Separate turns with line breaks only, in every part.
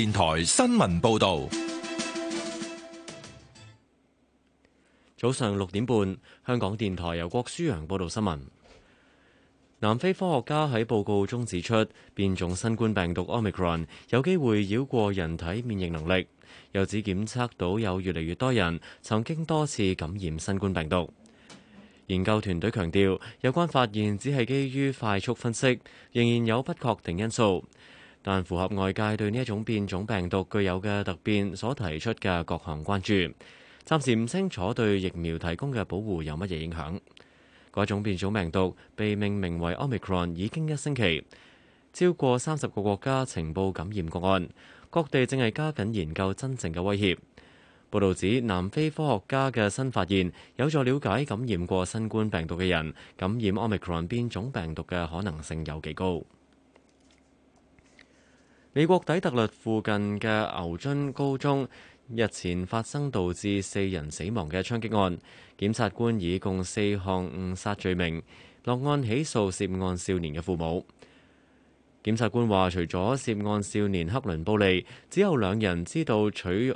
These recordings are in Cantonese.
電台新聞
報道：早上六點半，香港電台由郭舒揚報道新聞。南非科學家喺報告中指出，變種新冠病毒 Omicron 有機會繞過人體免疫能力，又指檢測到有越嚟越多人曾經多次感染新冠病毒。研究團隊強調，有關發現只係基於快速分析，仍然有不確定因素。但符合外界對呢一種變種病毒具有嘅突變所提出嘅各項關注，暫時唔清楚對疫苗提供嘅保護有乜嘢影響。嗰種變種病毒被命名為奧米克戎已經一星期，超過三十個國家呈報感染個案，各地正係加緊研究真正嘅威脅。報導指南非科學家嘅新發現有助了解感染過新冠病毒嘅人感染奧米克戎變種病毒嘅可能性有幾高。美國底特律附近嘅牛津高中日前發生導致四人死亡嘅槍擊案，檢察官以共四項誤殺罪名落案起訴涉案少年嘅父母。檢察官話，除咗涉案少年克倫布利，只有兩人知道取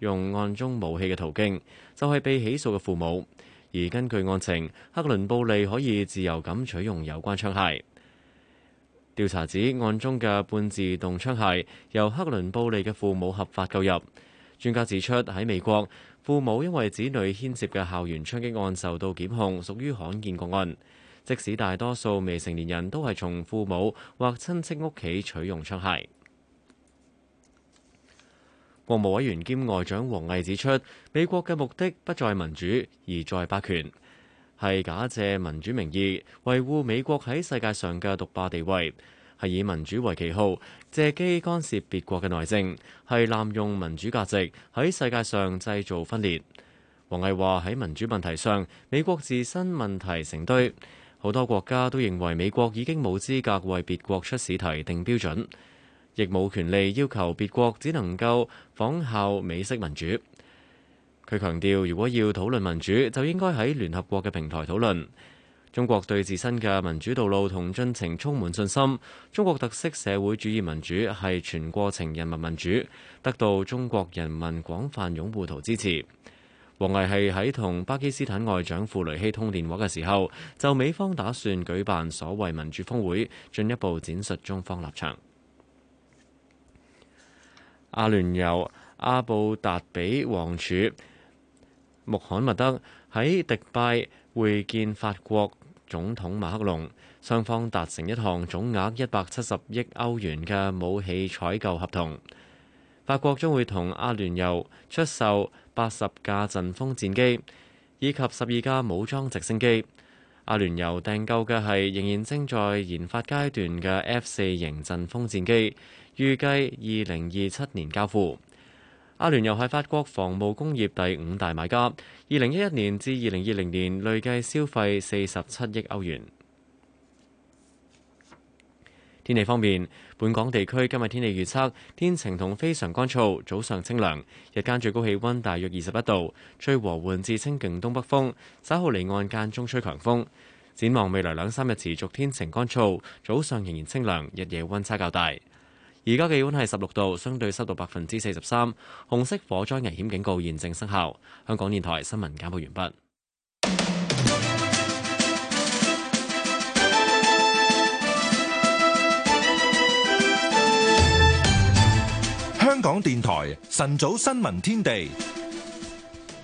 用案中武器嘅途徑，就係被起訴嘅父母。而根據案情，克倫布利可以自由咁取用有關槍械。調查指案中嘅半自動槍械由克倫布利嘅父母合法購入。專家指出，喺美國，父母因為子女牽涉嘅校園槍擊案受到檢控，屬於罕見個案。即使大多數未成年人都係從父母或親戚屋企取用槍械。國務委員兼外長王毅指出，美國嘅目的不在民主，而在霸權。係假借民主名義維護美國喺世界上嘅獨霸地位，係以民主為旗號，借機干涉別國嘅內政，係濫用民主價值喺世界上製造分裂。王毅話喺民主問題上，美國自身問題成堆，好多國家都認為美國已經冇資格為別國出試題定標準，亦冇權利要求別國只能夠仿效美式民主。佢強調，如果要討論民主，就應該喺聯合國嘅平台討論。中國對自身嘅民主道路同進程充滿信心。中國特色社會主義民主係全過程人民民主，得到中國人民廣泛擁護同支持。王毅係喺同巴基斯坦外長庫雷希通電話嘅時候，就美方打算舉辦所謂民主峰會，進一步展述中方立場。阿聯酋阿布達比王儲穆罕默德喺迪拜會見法國總統馬克龍，雙方達成一項總額一百七十億歐元嘅武器採購合同。法國將會同阿聯酋出售八十架陣風戰機，以及十二架武裝直升機。阿聯酋訂購嘅係仍然正在研發階段嘅 F 四型陣風戰機，預計二零二七年交付。阿聯酋又係法國防務工業第五大買家，二零一一年至二零二零年累計消費四十七億歐元。天氣方面，本港地區今日天氣預測，天晴同非常乾燥，早上清涼，日間最高氣温大約二十一度，吹和緩至清勁東北風，稍後離岸間中吹強風。展望未來兩三日持續天晴乾燥，早上仍然清涼，日夜温差較大。而家嘅氣溫係十六度，相對濕度百分之四十三，紅色火災危險警告現正生效。香港電台新聞簡報完畢。
香港電台晨早新聞天地。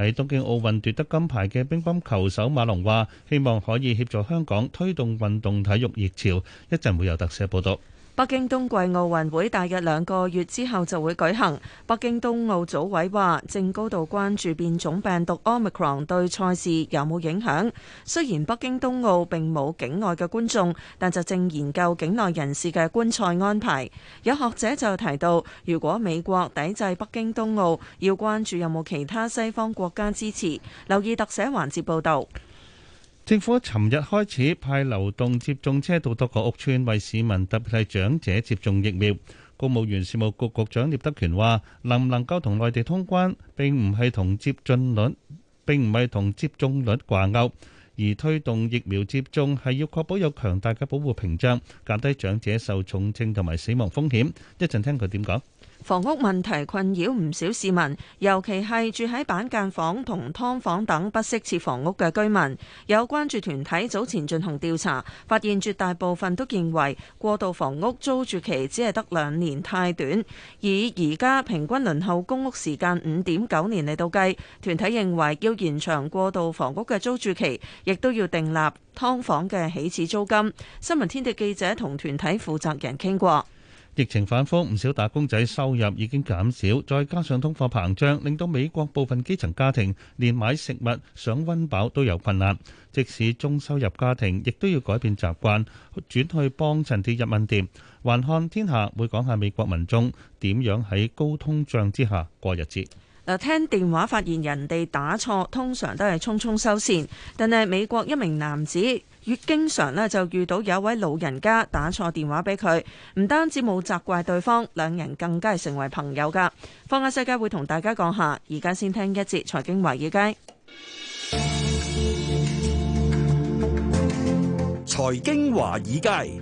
喺東京奧運奪得金牌嘅乒乓球手馬龍話，希望可以協助香港推動運動體育熱潮。一陣會有特寫報道。
北京冬季奧運會大約兩個月之後就會舉行。北京冬奧組委話，正高度關注變種病毒 Omicron 對賽事有冇影響。雖然北京冬奧並冇境外嘅觀眾，但就正研究境內人士嘅觀賽安排。有學者就提到，如果美國抵制北京冬奧，要關注有冇其他西方國家支持。留意特寫環節報道。
政府尋日開始派流動接種車到多個屋邨為市民，特別係長者接種疫苗。公務員事務局局長聶德權話，能唔能夠同內地通關，並唔係同接種率並唔係同接種率掛鈎，而推動疫苗接種係要確保有強大嘅保護屏障，減低長者受重症同埋死亡風險。一陣聽佢點講。
房屋問題困擾唔少市民，尤其係住喺板間房同劏房等不適切房屋嘅居民。有關注團體早前進行調查，發現絕大部分都認為過渡房屋租住期只係得兩年太短，以而家平均輪候公屋時間五點九年嚟到計，團體認為要延長過渡房屋嘅租住期，亦都要訂立劏房嘅起始租金。新聞天地記者同團體負責人傾過。
疫情反覆，唔少打工仔收入已經減少，再加上通貨膨脹令到美國部分基層家庭連買食物想温飽都有困難，即使中收入家庭，亦都要改變習慣，轉去幫襯啲一蚊店。環看天下會講下美國民眾點樣喺高通脹之下過日子。
聽電話發現人哋打錯，通常都係匆匆收線。但係美國一名男子，越經常咧就遇到有一位老人家打錯電話俾佢，唔單止冇責怪對方，兩人更加係成為朋友噶。方家世界會同大家講下，而家先聽一節財經華爾
街。
財
經華爾街，財經華爾
街，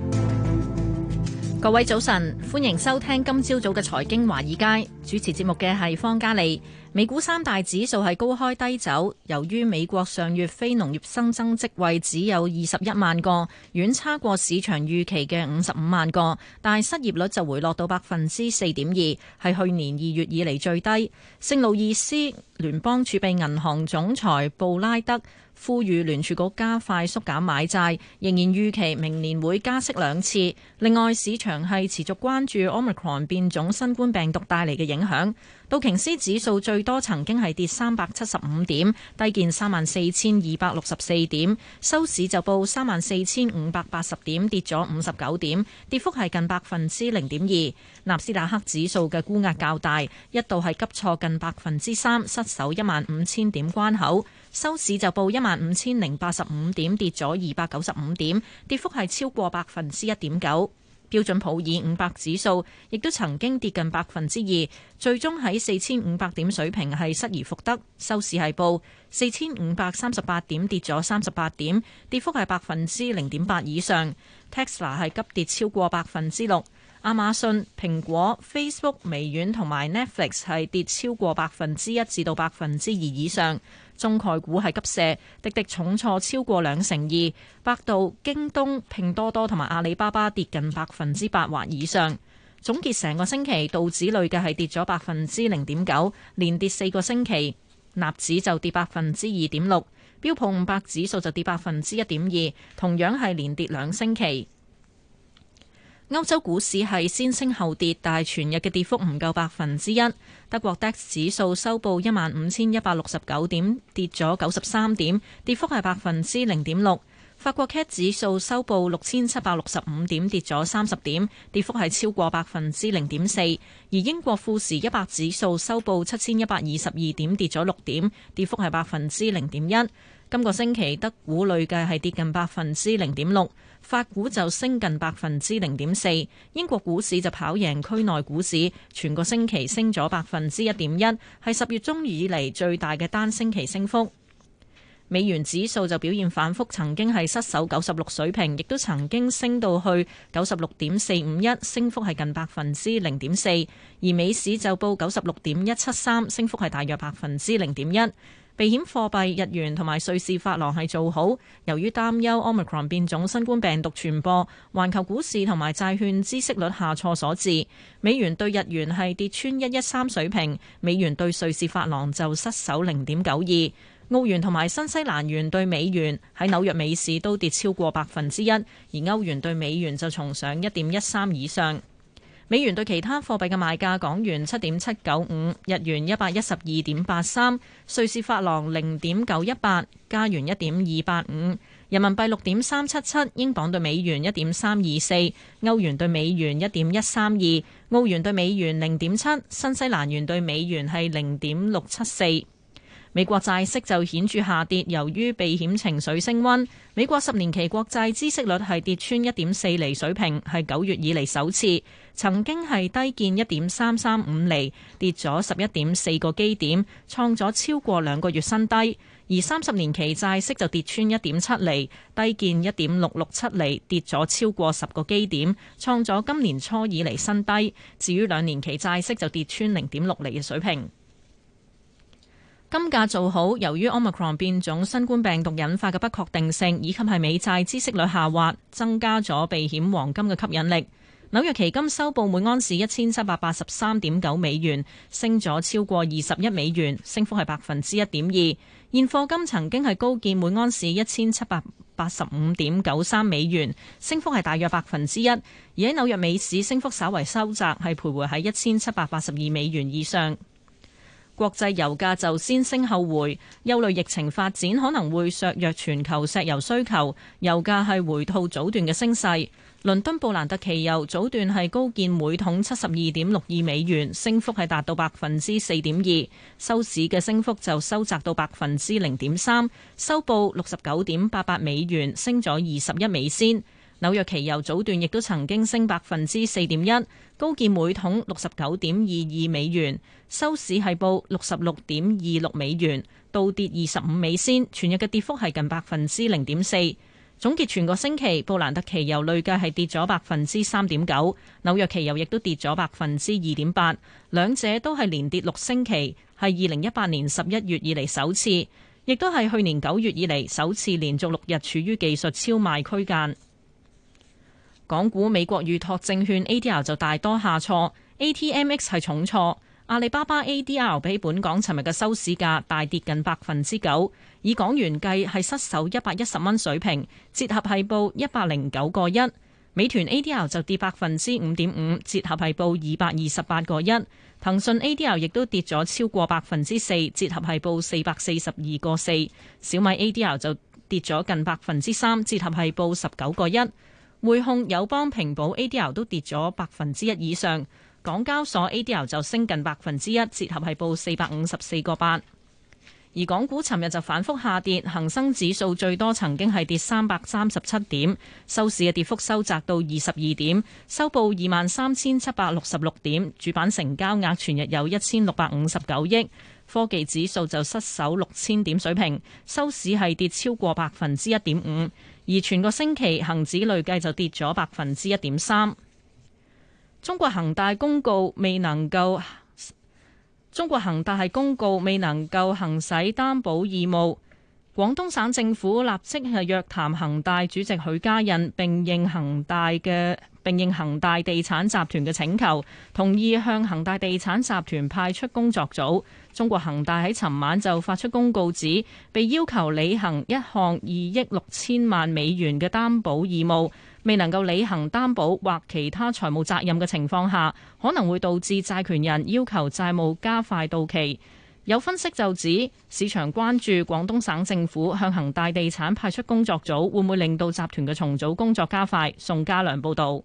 各位早晨，歡迎收聽今朝早嘅財經華爾街。主持節目嘅係方嘉莉。美股三大指數係高開低走，由於美國上月非農業新增職位只有二十一萬個，遠差過市場預期嘅五十五萬個，但係失業率就回落到百分之四點二，係去年二月以嚟最低。聖路易斯聯邦儲備銀行總裁布拉德呼籲聯儲局加快縮減買債，仍然預期明年會加息兩次。另外，市場係持續關注奧密克戎變種新冠病毒帶嚟嘅影響。道瓊斯指數最多曾經係跌三百七十五點，低見三萬四千二百六十四點，收市就報三萬四千五百八十點，跌咗五十九點，跌幅係近百分之零點二。納斯達克指數嘅沽壓較大，一度係急挫近百分之三，失守一萬五千點關口。收市就報一萬五千零八十五點，跌咗二百九十五點，跌幅係超過百分之一點九。標準普爾五百指數亦都曾經跌近百分之二，最終喺四千五百點水平係失而復得，收市係報四千五百三十八點，跌咗三十八點，跌幅係百分之零點八以上。Tesla 係急跌超過百分之六。亞馬遜、蘋果、Facebook、微軟同埋 Netflix 係跌超過百分之一至到百分之二以上，中概股係急瀉，滴滴重挫超過兩成二，百度、京東、拼多多同埋阿里巴巴跌近百分之八或以上。總結成個星期，道指累計係跌咗百分之零點九，連跌四個星期；納指就跌百分之二點六，標普五百指數就跌百分之一點二，同樣係連跌兩星期。歐洲股市係先升後跌，但係全日嘅跌幅唔夠百分之一。德國 DAX 指數收報一萬五千一百六十九點，跌咗九十三點，跌幅係百分之零點六。法國 CAC 指數收報六千七百六十五點，跌咗三十點，跌幅係超過百分之零點四。而英國富時一百指數收報七千一百二十二點，跌咗六點，跌幅係百分之零點一。今個星期德股累計係跌近百分之零點六。法股就升近百分之零點四，英國股市就跑贏區內股市，全個星期升咗百分之一點一，係十月中以嚟最大嘅單星期升幅。美元指數就表現反覆，曾經係失守九十六水平，亦都曾經升到去九十六點四五一，升幅係近百分之零點四。而美市就報九十六點一七三，升幅係大約百分之零點一。避險貨幣日元同埋瑞士法郎係做好，由於擔憂 Omicron 變種新冠病毒傳播，環球股市同埋債券孳息率下挫所致。美元對日元係跌穿一一三水平，美元對瑞士法郎就失守零點九二，澳元同埋新西蘭元對美元喺紐約美市都跌超過百分之一，而歐元對美元就重上一點一三以上。美元對其他貨幣嘅賣價：港元七點七九五，日元一百一十二點八三，瑞士法郎零點九一八，加元一點二八五，人民幣六點三七七，英鎊對美元一點三二四，歐元對美元一點一三二，澳元對美元零點七，新西蘭元對美元係零點六七四。美國債息就顯著下跌，由於避險情緒升溫。美國十年期國債孳息率係跌穿一點四厘水平，係九月以嚟首次。曾經係低見一點三三五厘，跌咗十一點四個基點，創咗超過兩個月新低。而三十年期債息就跌穿一點七厘，低見一點六六七厘，跌咗超過十個基點，創咗今年初以嚟新低。至於兩年期債息就跌穿零點六厘嘅水平。金價做好，由於 Omicron 變種新冠病毒引發嘅不確定性，以及係美債孳息率下滑，增加咗避險黃金嘅吸引力。紐約期金收報每安士一千七百八十三點九美元，升咗超過二十一美元，升幅係百分之一點二。現貨金曾經係高見每安士一千七百八十五點九三美元，升幅係大約百分之一。而喺紐約美市升幅稍為收窄，係徘徊喺一千七百八十二美元以上。國際油價就先升後回，憂慮疫情發展可能會削弱全球石油需求，油價係回吐早段嘅升勢。倫敦布蘭特期油早段係高見每桶七十二點六二美元，升幅係達到百分之四點二，收市嘅升幅就收窄到百分之零點三，收報六十九點八八美元，升咗二十一美仙。紐約期油早段亦都曾經升百分之四點一，高見每桶六十九點二二美元，收市係報六十六點二六美元，倒跌二十五美仙，全日嘅跌幅係近百分之零點四。總結全個星期，布蘭特期油累計係跌咗百分之三點九，紐約期油亦都跌咗百分之二點八，兩者都係連跌六星期，係二零一八年十一月以嚟首次，亦都係去年九月以嚟首次連續六日處於技術超賣區間。港股、美國預託證券 A.D.R 就大多下挫，A.T.M.X 係重挫。阿里巴巴 A.D.R 比本港尋日嘅收市價，大跌近百分之九，以港元計係失守一百一十蚊水平，折合係報一百零九個一。美團 A.D.R 就跌百分之五點五，折合係報二百二十八個一。騰訊 A.D.R 亦都跌咗超過百分之四，折合係報四百四十二個四。小米 A.D.R 就跌咗近百分之三，折合係報十九個一。匯控、友邦、平保 ADR 都跌咗百分之一以上，港交所 ADR 就升近百分之一，折合係報四百五十四個八。而港股尋日就反覆下跌，恒生指數最多曾經係跌三百三十七點，收市嘅跌幅收窄到二十二點，收報二萬三千七百六十六點。主板成交額全日有一千六百五十九億。科技指數就失守六千點水平，收市係跌超過百分之一點五。而全個星期恒指累計就跌咗百分之一點三。中國恒大公告未能夠，中國恒大係公告未能夠行使擔保義務。廣東省政府立即係約談恆大主席許家印並，並應恆大嘅並應恆大地產集團嘅請求，同意向恆大地產集團派出工作組，中國恆大喺尋晚就發出公告指，指被要求履行一項二億六千萬美元嘅擔保義務，未能夠履行擔保或其他財務責任嘅情況下，可能會導致債權人要求債務加快到期。有分析就指，市場關注廣東省政府向恒大地產派出工作組，會唔會令到集團嘅重組工作加快？宋家良報道。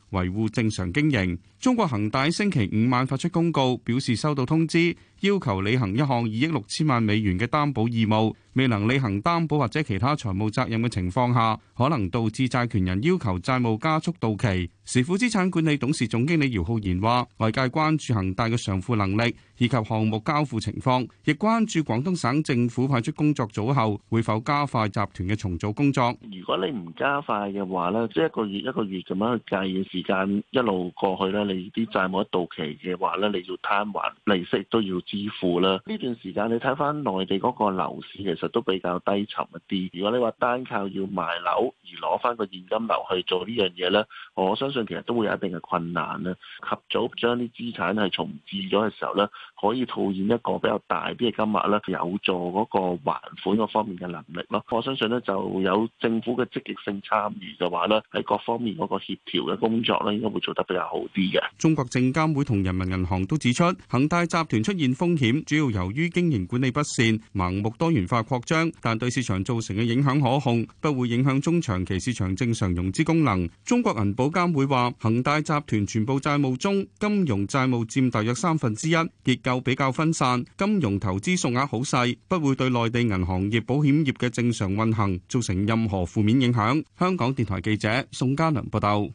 維護正常經營。中國恒大星期五晚發出公告，表示收到通知，要求履行一項二億六千萬美元嘅擔保義務。未能履行擔保或者其他財務責任嘅情況下，可能導致債權人要求債務加速到期。時富資產管理董事總經理姚浩然話，外界關注恒大嘅償付能力以及項目交付情況，亦關注廣東省政府派出工作組後會否加快集團嘅重組工作。
如果你唔加快嘅話，呢即係一個月一個月咁樣去計嘅時間一路過去咧，你啲債務到期嘅話，呢你要攤還利息都要支付啦。呢段時間你睇翻內地嗰個樓市嘅。都比較低沉一啲。如果你話單靠要賣樓而攞翻個現金流去做呢樣嘢咧，我相信其實都會有一定嘅困難咧。及早將啲資產係重置咗嘅時候咧，可以套現一個比較大啲嘅金額咧，有助嗰個還款嗰方面嘅能力咯。我相信咧就有政府嘅積極性參與嘅話咧，喺各方面嗰個協調嘅工作咧，應該會做得比較好
啲嘅。中國證監會同人民銀行都指出，恒大集團出現風險，主要由於經營管理不善、盲目多元化。擴張，但對市場造成嘅影響可控，不會影響中長期市場正常融資功能。中國銀保監會話，恒大集團全部債務中，金融債務佔大約三分之一，結構比較分散，金融投資數額好細，不會對內地銀行業、保險業嘅正常運行造成任何負面影響。香港電台記者宋嘉良報道。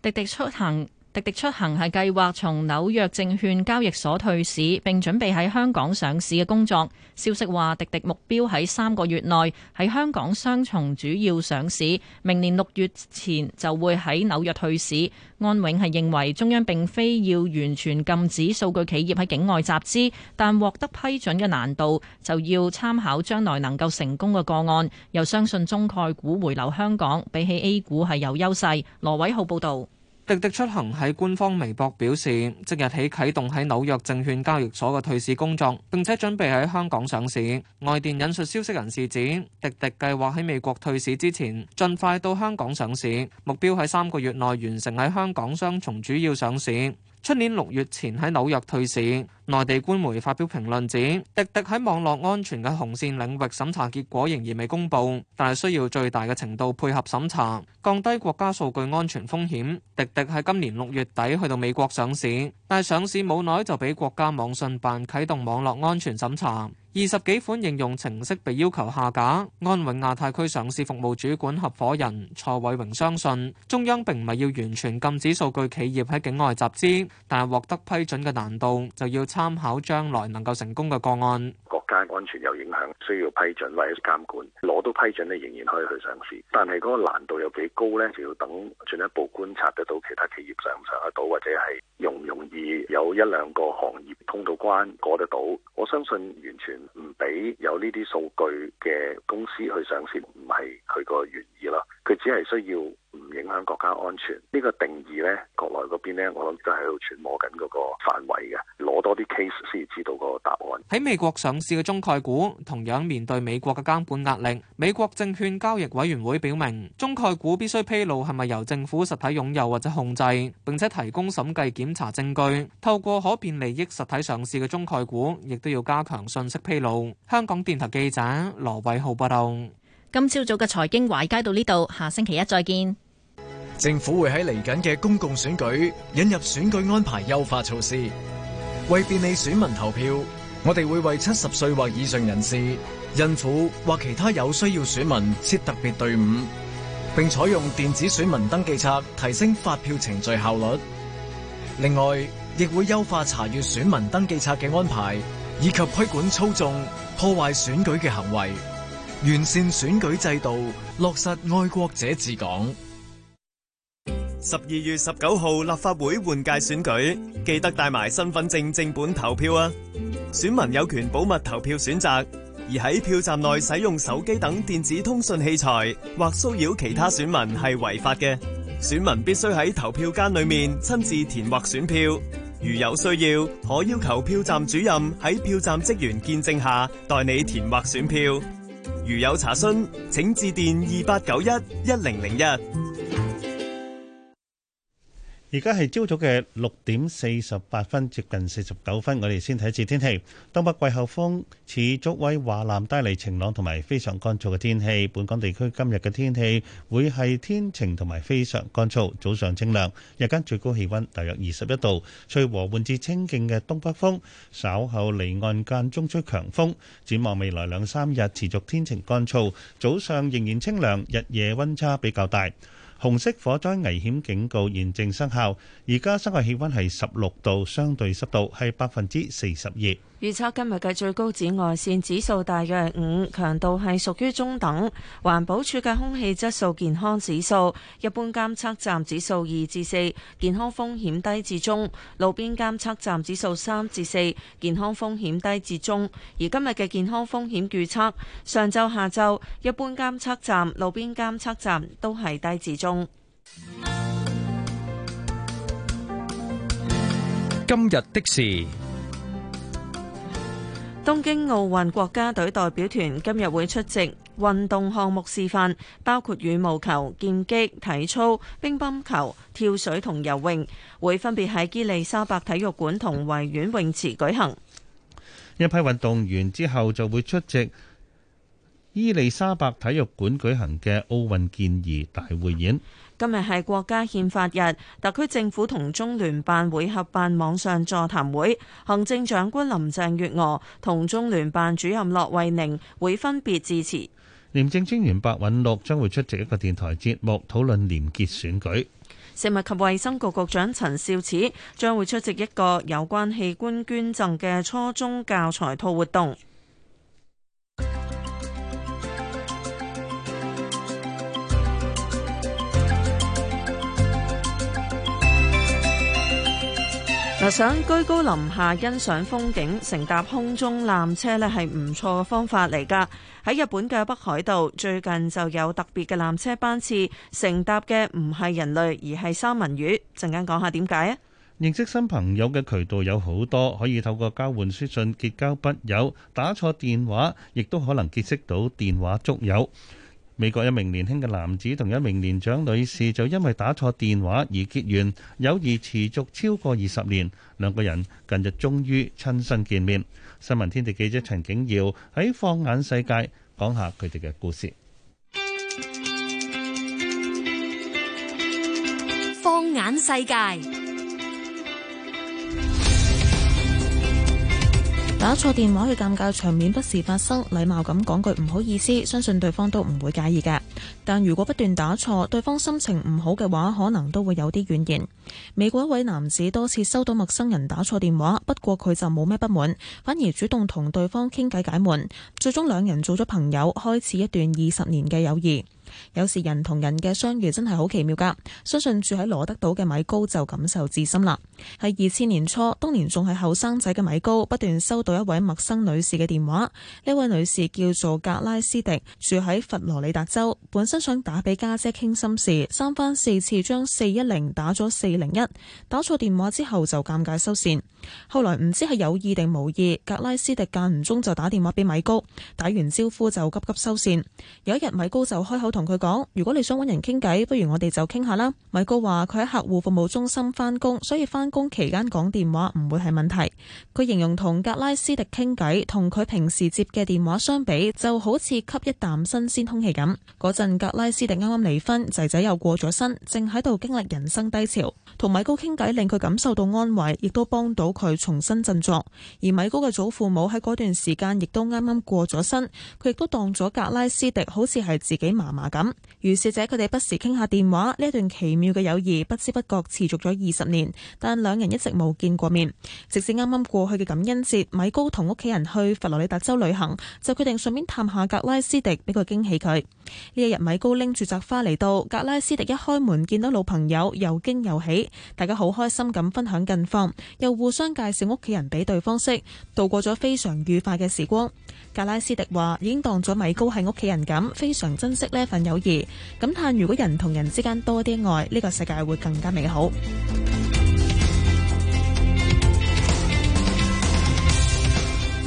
滴滴出行。滴滴出行係計劃從紐約證券交易所退市，並準備喺香港上市嘅工作。消息話，滴滴目標喺三個月內喺香港雙重主要上市，明年六月前就會喺紐約退市。安永係認為中央並非要完全禁止數據企業喺境外集資，但獲得批准嘅難度就要參考將來能夠成功嘅個案。又相信中概股回流香港，比起 A 股係有優勢。羅偉浩報道。
滴滴出行喺官方微博表示，即日起啟動喺紐約證券交易所嘅退市工作，並且準備喺香港上市。外電引述消息人士指，滴滴計劃喺美國退市之前，盡快到香港上市，目標喺三個月內完成喺香港雙重主要上市，出年六月前喺紐約退市。內地官媒發表評論指，滴滴喺網絡安全嘅紅線領域審查結果仍然未公佈，但係需要最大嘅程度配合審查，降低國家數據安全風險。滴滴喺今年六月底去到美國上市，但係上市冇耐就俾國家網信辦啟動網絡安全審查，二十幾款應用程式被要求下架。安永亞太區上市服務主管合伙人蔡偉榮相信，中央並唔係要完全禁止數據企業喺境外集資，但係獲得批准嘅難度就要差。參考將來能夠成功嘅個案，
國家安全有影響，需要批准或者監管。攞到批准你仍然可以去上市，但係嗰個難度有幾高呢？就要等進一步觀
察得到其他企業上唔上得到，或者係容唔容易有一兩個行業通道關過得到。我相信完全唔俾有呢啲數據嘅公司去上市，唔係佢個原意咯，佢只係需要。唔影響國家安全呢個定義咧，國內嗰邊咧，我諗都喺度揣摩緊嗰個範圍嘅攞多啲 case 先知道個
答案。喺美國上市嘅中概股同樣面對美國嘅監管壓力。美國證券交易委員會表明，中概股必須披露係咪由政府實體擁有或者控制，並且提供審計檢查證據，透過可變利益實體上市嘅中概股，亦都要加強信息披露。香港電台記者羅偉浩報道。
今朝早嘅財經華爾街到呢度，下星期一再見。
政府會喺嚟
緊嘅公共選舉引入選舉安排優化措施，為便利選民投票，我哋會為七十歲或以上人士、孕婦或其他有需要選民設特別隊伍，并採用電子選民登記冊，提升發票程序效率。另外，亦會優化查閱選民登記冊嘅安排，以及規管操縱破壞選舉嘅行為，完善選舉制度，落實愛國者治港。十二月十九號立法會換屆選舉，記得帶埋身份證正本投票啊！選民有權保密投票選擇，而喺票站內使用手機等電子通訊器材或騷擾其他選民係違法嘅。選民必須喺投票間裏面親自填劃選票，如有需要可要求票站主任喺票站職員見證下代你填劃選票。如有查詢，請致電二八九一一零零一。
而家係朝早嘅六點四十八分，接近四十九分，我哋先睇一次天氣。東北季候風持續為華南帶嚟晴朗同埋非常乾燥嘅天氣。本港地區今日嘅天氣會係天晴同埋非常乾燥，早上清涼，日間最高氣温大約二十一度。吹和緩至清勁嘅東北風，稍後離岸間中吹強風。展望未來兩三日持續天晴乾燥，早上仍然清涼，日夜温差比較大。紅色火災危險警告現正生效。而家室外氣溫係十六度，相對濕度係百分之四十二。
預測今日嘅最高紫外線指數大約五，強度係屬於中等。環保署嘅空氣質素健康指數，一般監測站指數二至四，健康風險低至中；路邊監測站指數三至四，健康風險低至中。而今日嘅健康風險預測，上晝、下晝一般監測站、路邊監測站都係低至中。
今日的事。
東京奧運國家隊代表團今日會出席運動項目示範，包括羽毛球、劍擊、體操、乒乓球、跳水同游泳，會分別喺伊利沙伯體育館同維園泳池舉行。
一批運動員之後就會出席伊利沙伯體育館舉行嘅奧運健兒大會演。
今日係國家憲法日，特區政府同中聯辦會合辦網上座談會，行政長官林鄭月娥同中聯辦主任駱惠寧會分別致辭。
廉政專員白韞六將會出席一個電台節目，討論廉潔選舉。
食物及衛生局局長陳肇始將會出席一個有關器官捐贈嘅初中教材套活動。想居高臨下欣賞風景，乘搭空中纜車呢係唔錯嘅方法嚟噶。喺日本嘅北海道最近就有特別嘅纜車班次，乘搭嘅唔係人類，而係三文魚。陣間講下點解
啊？認識新朋友嘅渠道有好多，可以透過交換書信結交筆友，打錯電話亦都可能結識到電話足友。美國一名年輕嘅男子同一名年長女士就因為打錯電話而結緣，友誼持續超過二十年。兩個人近日終於親身見面。新聞天地記者陳景耀喺《放眼世界》講下佢哋嘅故事。
放
眼世界。
打錯電話嘅尷尬場面不時發生，禮貌咁講句唔好意思，相信對方都唔會介意嘅。但如果不斷打錯，對方心情唔好嘅話，可能都會有啲怨言。美國一位男子多次收到陌生人打錯電話，不過佢就冇咩不滿，反而主動同對方傾計解悶，最終兩人做咗朋友，開始一段二十年嘅友誼。有時人同人嘅相遇真係好奇妙噶相信住喺羅德島嘅米高就感受至深啦。喺二千年初，當年仲係後生仔嘅米高，不斷收到一位陌生女士嘅電話。呢位女士叫做格拉斯迪，住喺佛羅里達州。本身想打俾家姐傾心事，三番四次將四一零打咗四零一，打錯電話之後就尷尬收線。後來唔知係有意定無意，格拉斯迪間唔中就打電話俾米高，打完招呼就急急收線。有一日，米高就開口同，同佢講，如果你想揾人傾偈，不如我哋就傾下啦。米高話佢喺客戶服務中心返工，所以返工期間講電話唔會係問題。佢形容同格拉斯迪傾偈，同佢平時接嘅電話相比，就好似吸一啖新鮮空氣咁。嗰陣格拉斯迪啱啱離婚，仔仔又過咗身，正喺度經歷人生低潮。同米高傾偈令佢感受到安慰，亦都幫到佢重新振作。而米高嘅祖父母喺嗰段時間亦都啱啱過咗身，佢亦都當咗格拉斯迪好似係自己媽媽。咁，如是者佢哋不時傾下電話，呢一段奇妙嘅友誼不知不覺持續咗二十年，但兩人一直冇見過面。直至啱啱過去嘅感恩節，米高同屋企人去佛羅里達州旅行，就決定順便探下格拉斯迪，俾個驚喜佢。呢一日，米高拎住扎花嚟到格拉斯迪，一開門見到老朋友，又驚又喜，大家好開心咁分享近況，又互相介紹屋企人俾對方識，度過咗非常愉快嘅時光。格拉斯迪話已經當咗米高係屋企人咁，非常珍惜呢份，友誼，感嘆如果人同人之間多啲愛，呢個世界會更加美好。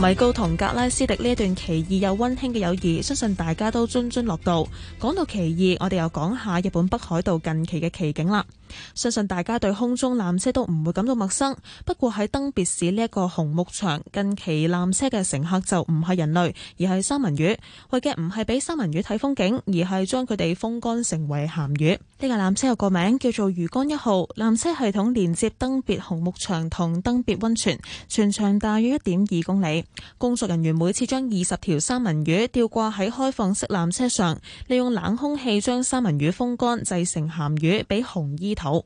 米高同格拉斯迪呢一段奇異又溫馨嘅友誼，相信大家都津津樂道。講到奇異，我哋又講下日本北海道近期嘅奇景啦。相信大家對空中纜車都唔會感到陌生。不過喺登別市呢一個紅木場，近期纜車嘅乘客就唔係人類，而係三文魚。為嘅唔係俾三文魚睇風景，而係將佢哋風乾成為鹹魚。呢架纜車有個名叫做魚乾一號。纜車系統連接登別紅木場同登別溫泉，全長大約一點二公里。工作人員每次將二十條三文魚吊掛喺開放式纜車上，利用冷空氣將三文魚風乾，製成鹹魚，俾紅衣。好，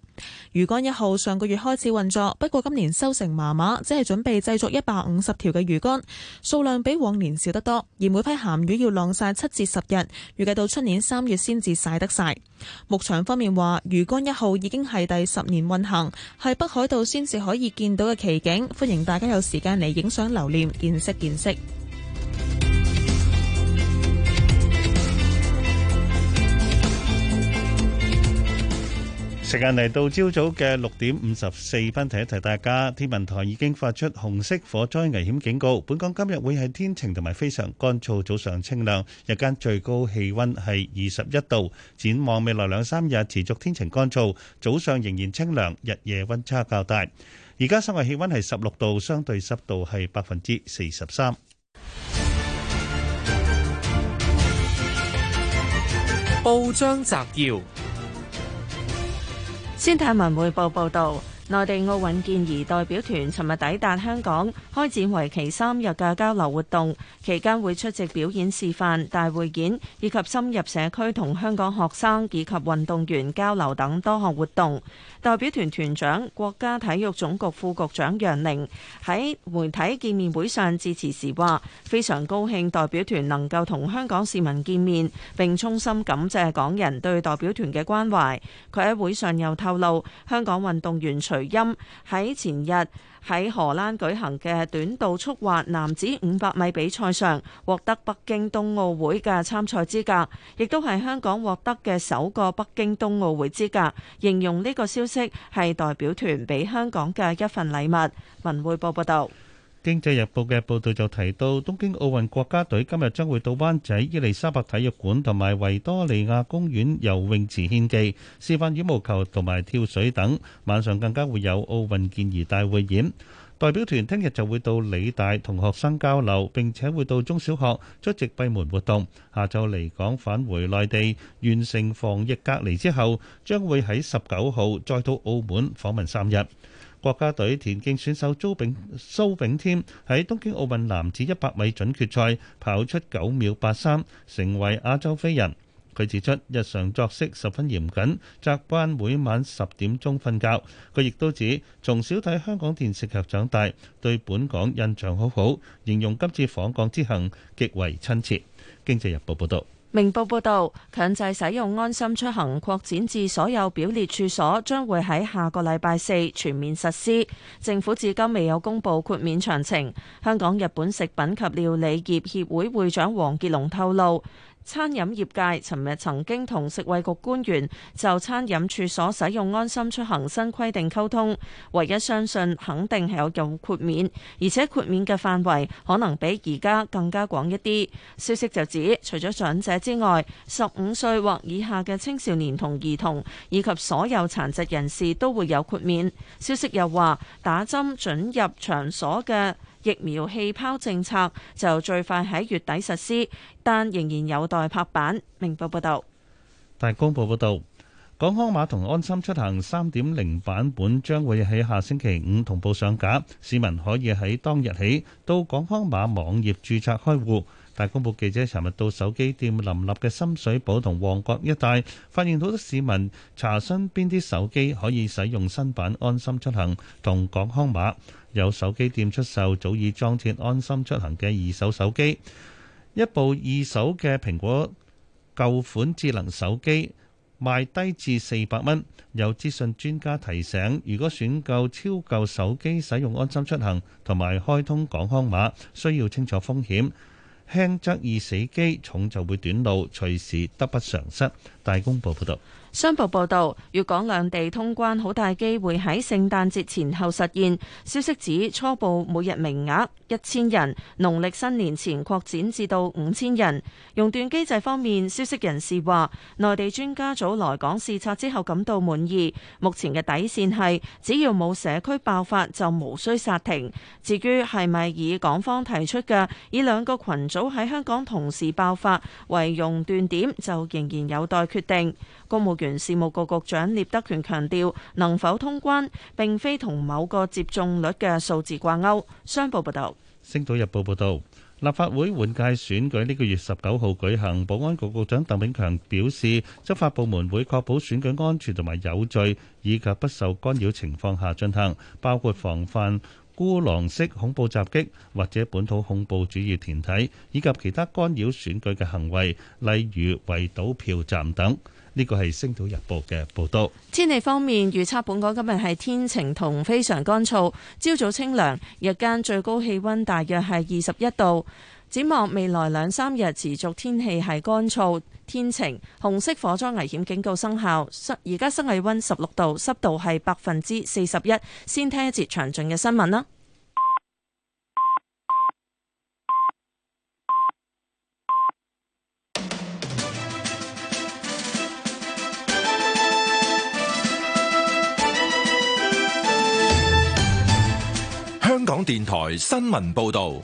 魚乾一號上個月開始運作，不過今年收成麻麻，只係準備製作一百五十條嘅魚乾，數量比往年少得多。而每批鹹魚要晾曬七至十日，預計到出年三月先至曬得晒。牧場方面話，魚乾一號已經係第十年運行，係北海道先至可以見到嘅奇景，歡迎大家有時間嚟影相留念，見識見識。
時間嚟到朝早嘅六點五十四分，提一提大家，天文台已經發出紅色火災危險警告。本港今日會係天晴同埋非常乾燥，早上清涼，日間最高氣溫係二十一度。展望未來兩三日持續天晴乾燥，早上仍然清涼，日夜溫差較大。而家室外氣溫係十六度，相對濕度係百分之四十三。報章摘要。
先睇《文匯報》報道。內地奧運健兒代表團尋日抵達香港，開展為期三日嘅交流活動，期間會出席表演示範、大匯演以及深入社區同香港學生以及運動員交流等多項活動。代表團團長、國家體育總局副局長楊寧喺媒體見面會上致辭時話：「非常高興代表團能夠同香港市民見面，並衷心感謝港人對代表團嘅關懷。」佢喺會上又透露，香港運動員除雷音喺前日喺荷蘭舉行嘅短道速滑男子五百米比賽上獲得北京冬奧會嘅參賽資格，亦都係香港獲得嘅首個北京冬奧會資格。形容呢個消息係代表團俾香港嘅一份禮物。文匯報報道。
《經濟日報》嘅報導就提到，東京奧運國家隊今日將會到灣仔伊利沙伯體育館同埋維多利亞公園游泳池獻技，示範羽毛球同埋跳水等。晚上更加會有奧運健兒大匯演。代表團聽日就會到理大同學生交流，並且會到中小學出席閉門活動。下晝離港返回內地，完成防疫隔離之後，將會喺十九號再到澳門訪問三日。國家隊田徑選手蘇炳蘇炳添喺東京奧運男子一百米準決賽跑出九秒八三，成為亞洲飛人。佢指出日常作息十分嚴謹，習慣每晚十點鐘瞓覺。佢亦都指從小睇香港電視劇長大，對本港印象好好，形容今次訪港之行極為親切。經濟日報報導。
明報報導，強制使用安心出行擴展至所有表列處所，將會喺下個禮拜四全面實施。政府至今未有公布豁免詳情。香港日本食品及料理業協會會長黃傑龍透露。餐飲業界尋日曾經同食衛局官員就餐飲處所使用安心出行新規定溝通，唯一相信肯定係有用豁免，而且豁免嘅範圍可能比而家更加廣一啲。消息就指，除咗長者之外，十五歲或以下嘅青少年同兒童，以及所有殘疾人士都會有豁免。消息又話，打針準入場所嘅。疫苗氣泡政策就最快喺月底實施，但仍然有待拍板。明報報道：
《大公報》報道，港康碼同安心出行三點零版本將會喺下星期五同步上架，市民可以喺當日起到港康碼網頁註冊開戶。大公報記者尋日到手機店林立嘅深水埗同旺角一帶，發現好多市民查詢邊啲手機可以使用新版安心出行同港康碼。有手機店出售早已裝設安心出行嘅二手手機，一部二手嘅蘋果舊款智能手機賣低至四百蚊。有資訊專家提醒，如果選購超舊手機使用安心出行同埋開通港康碼，需要清楚風險。輕則易死機，重就會短路，隨時得不償失。大公報報道。
商報報道，粵港兩地通關好大機會喺聖誕節前後實現。消息指初步每日名額一千人，農曆新年前擴展至到五千人。熔斷機制方面，消息人士話，內地專家組來港視察之後感到滿意。目前嘅底線係，只要冇社區爆發就無需煞停。至於係咪以港方提出嘅以兩個群組喺香港同時爆發為熔斷點，就仍然有待決定。公務元事務局局長聶德權強調，能否通關並非同某個接種率嘅數字掛鈎。商報報道，
《星島日報》報道，立法會換屆選舉呢個月十九號舉行。保安局局長鄧炳強表示，執法部門會確保選舉安全同埋有序，以及不受干擾情況下進行，包括防範孤狼式恐怖襲擊或者本土恐怖主義團體以及其他干擾選舉嘅行為，例如圍堵票站等。呢個係《星島日報》嘅報道。
天氣方面預測，本港今日係天晴同非常乾燥，朝早清涼，日間最高氣温大約係二十一度。展望未來兩三日持續天氣係乾燥天晴，紅色火災危險警告生效。濕而家室外氣温十六度，濕度係百分之四十一。先聽一節詳盡嘅新聞啦。
香港電台新聞報道。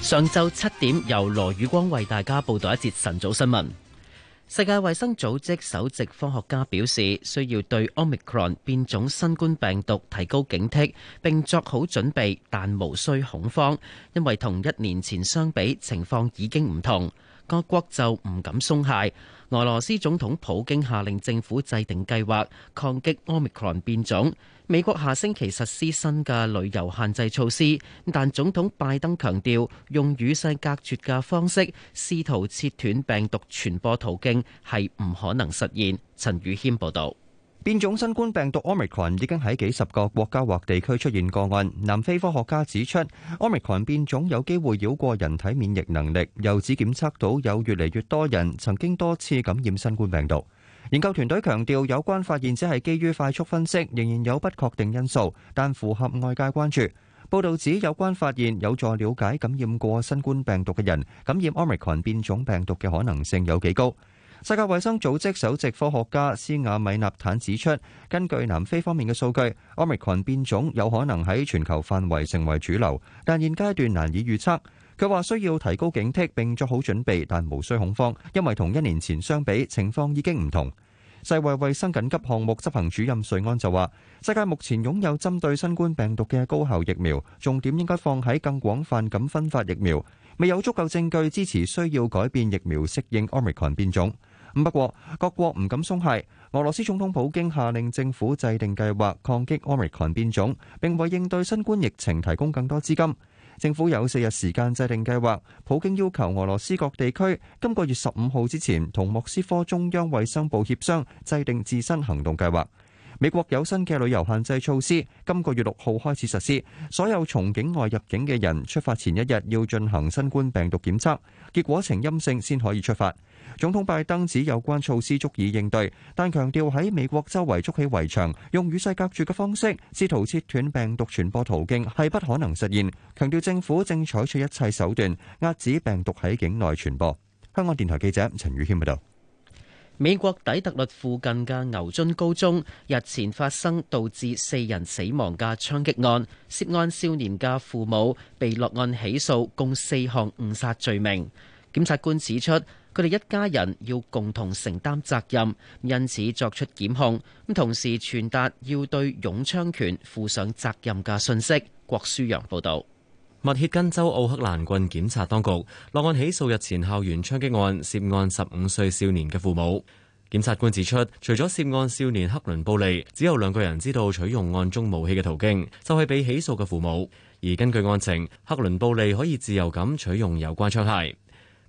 上晝七點，由羅宇光為大家報道一節晨早新聞。世界衛生組織首席科學家表示，需要對 Omicron 變種新冠病毒提高警惕，並作好準備，但無需恐慌，因為同一年前相比，情況已經唔同，各國就唔敢鬆懈。俄羅斯總統普京下令政府制定計劃抗擊 Omicron 變種。美國下星期實施新嘅旅遊限制措施，但總統拜登強調，用與世隔絕嘅方式試圖切斷
病毒傳播途徑係唔可能實現。陳宇謙報道。變種新冠病毒 Omicron 已經喺幾十個國家或地區出現個案。南非科學家指出，Omicron 變種有機會繞過人體免疫能力。又指檢測到有越嚟越多人曾經多次感染新冠病毒。研究團隊強調，有關發現只係基於快速分析，仍然有不確定因素，但符合外界關注。報導指，有關發現有助了解感染過新冠病毒嘅人感染 Omicron 變種病毒嘅可能性有幾高。世界衛生組織首席科學家斯亞米納坦指出，根據南非方面嘅數據，奧密克戎變種有可能喺全球範圍成為主流，但現階段難以預測。佢話需要提高警惕並做好準備，但無需恐慌，因為同一年前相比，情況已經唔同。世衛衛生緊急項目執行主任瑞安就話：世界目前擁有針對新冠病毒嘅高效疫苗，重點應該放喺更廣泛咁分發疫苗。未有足夠證據支持需要改變疫苗適應 Omicron 變種。咁不過，各國唔敢鬆懈。俄羅斯總統普京下令政府制定計劃抗擊 Omicron 變種，並為應對新冠疫情提供更多資金。政府有四日時間制定計劃。普京要求俄羅斯各地區今個月十五號之前同莫斯科中央衛生部協商制定自身行動計劃。美國有新嘅旅遊限制措施，今個月六號開始實施。所有從境外入境嘅人，出發前一日要進行新冠病毒檢測，結果呈陰性先可以出發。總統拜登指有關措施足以應對，但強調喺美國周圍築起圍牆，用與世隔絕嘅方式，試圖切斷病毒傳播途徑係不可能實現。強調政府正採取一切手段遏止病毒喺境內傳播。香港電台記者陳宇謙報道。
美國底特律附近嘅牛津高中日前發生導致四人死亡嘅槍擊案，涉案少年嘅父母被落案起訴，共四項誤殺罪名。檢察官指出，佢哋一家人要共同承擔責任，因此作出檢控。咁同時傳達要對擁槍權負上責任嘅信息。郭書陽報道。密歇根州奧克蘭郡檢察當局落案起訴日前校園槍擊案涉
案十五歲少年嘅父母。檢察官指出，除咗涉案少年克倫布利，只有兩個人知道取用案中武器嘅途徑，就係被起訴嘅父母。而根據案情，克倫布利可以自由咁取用有關槍械。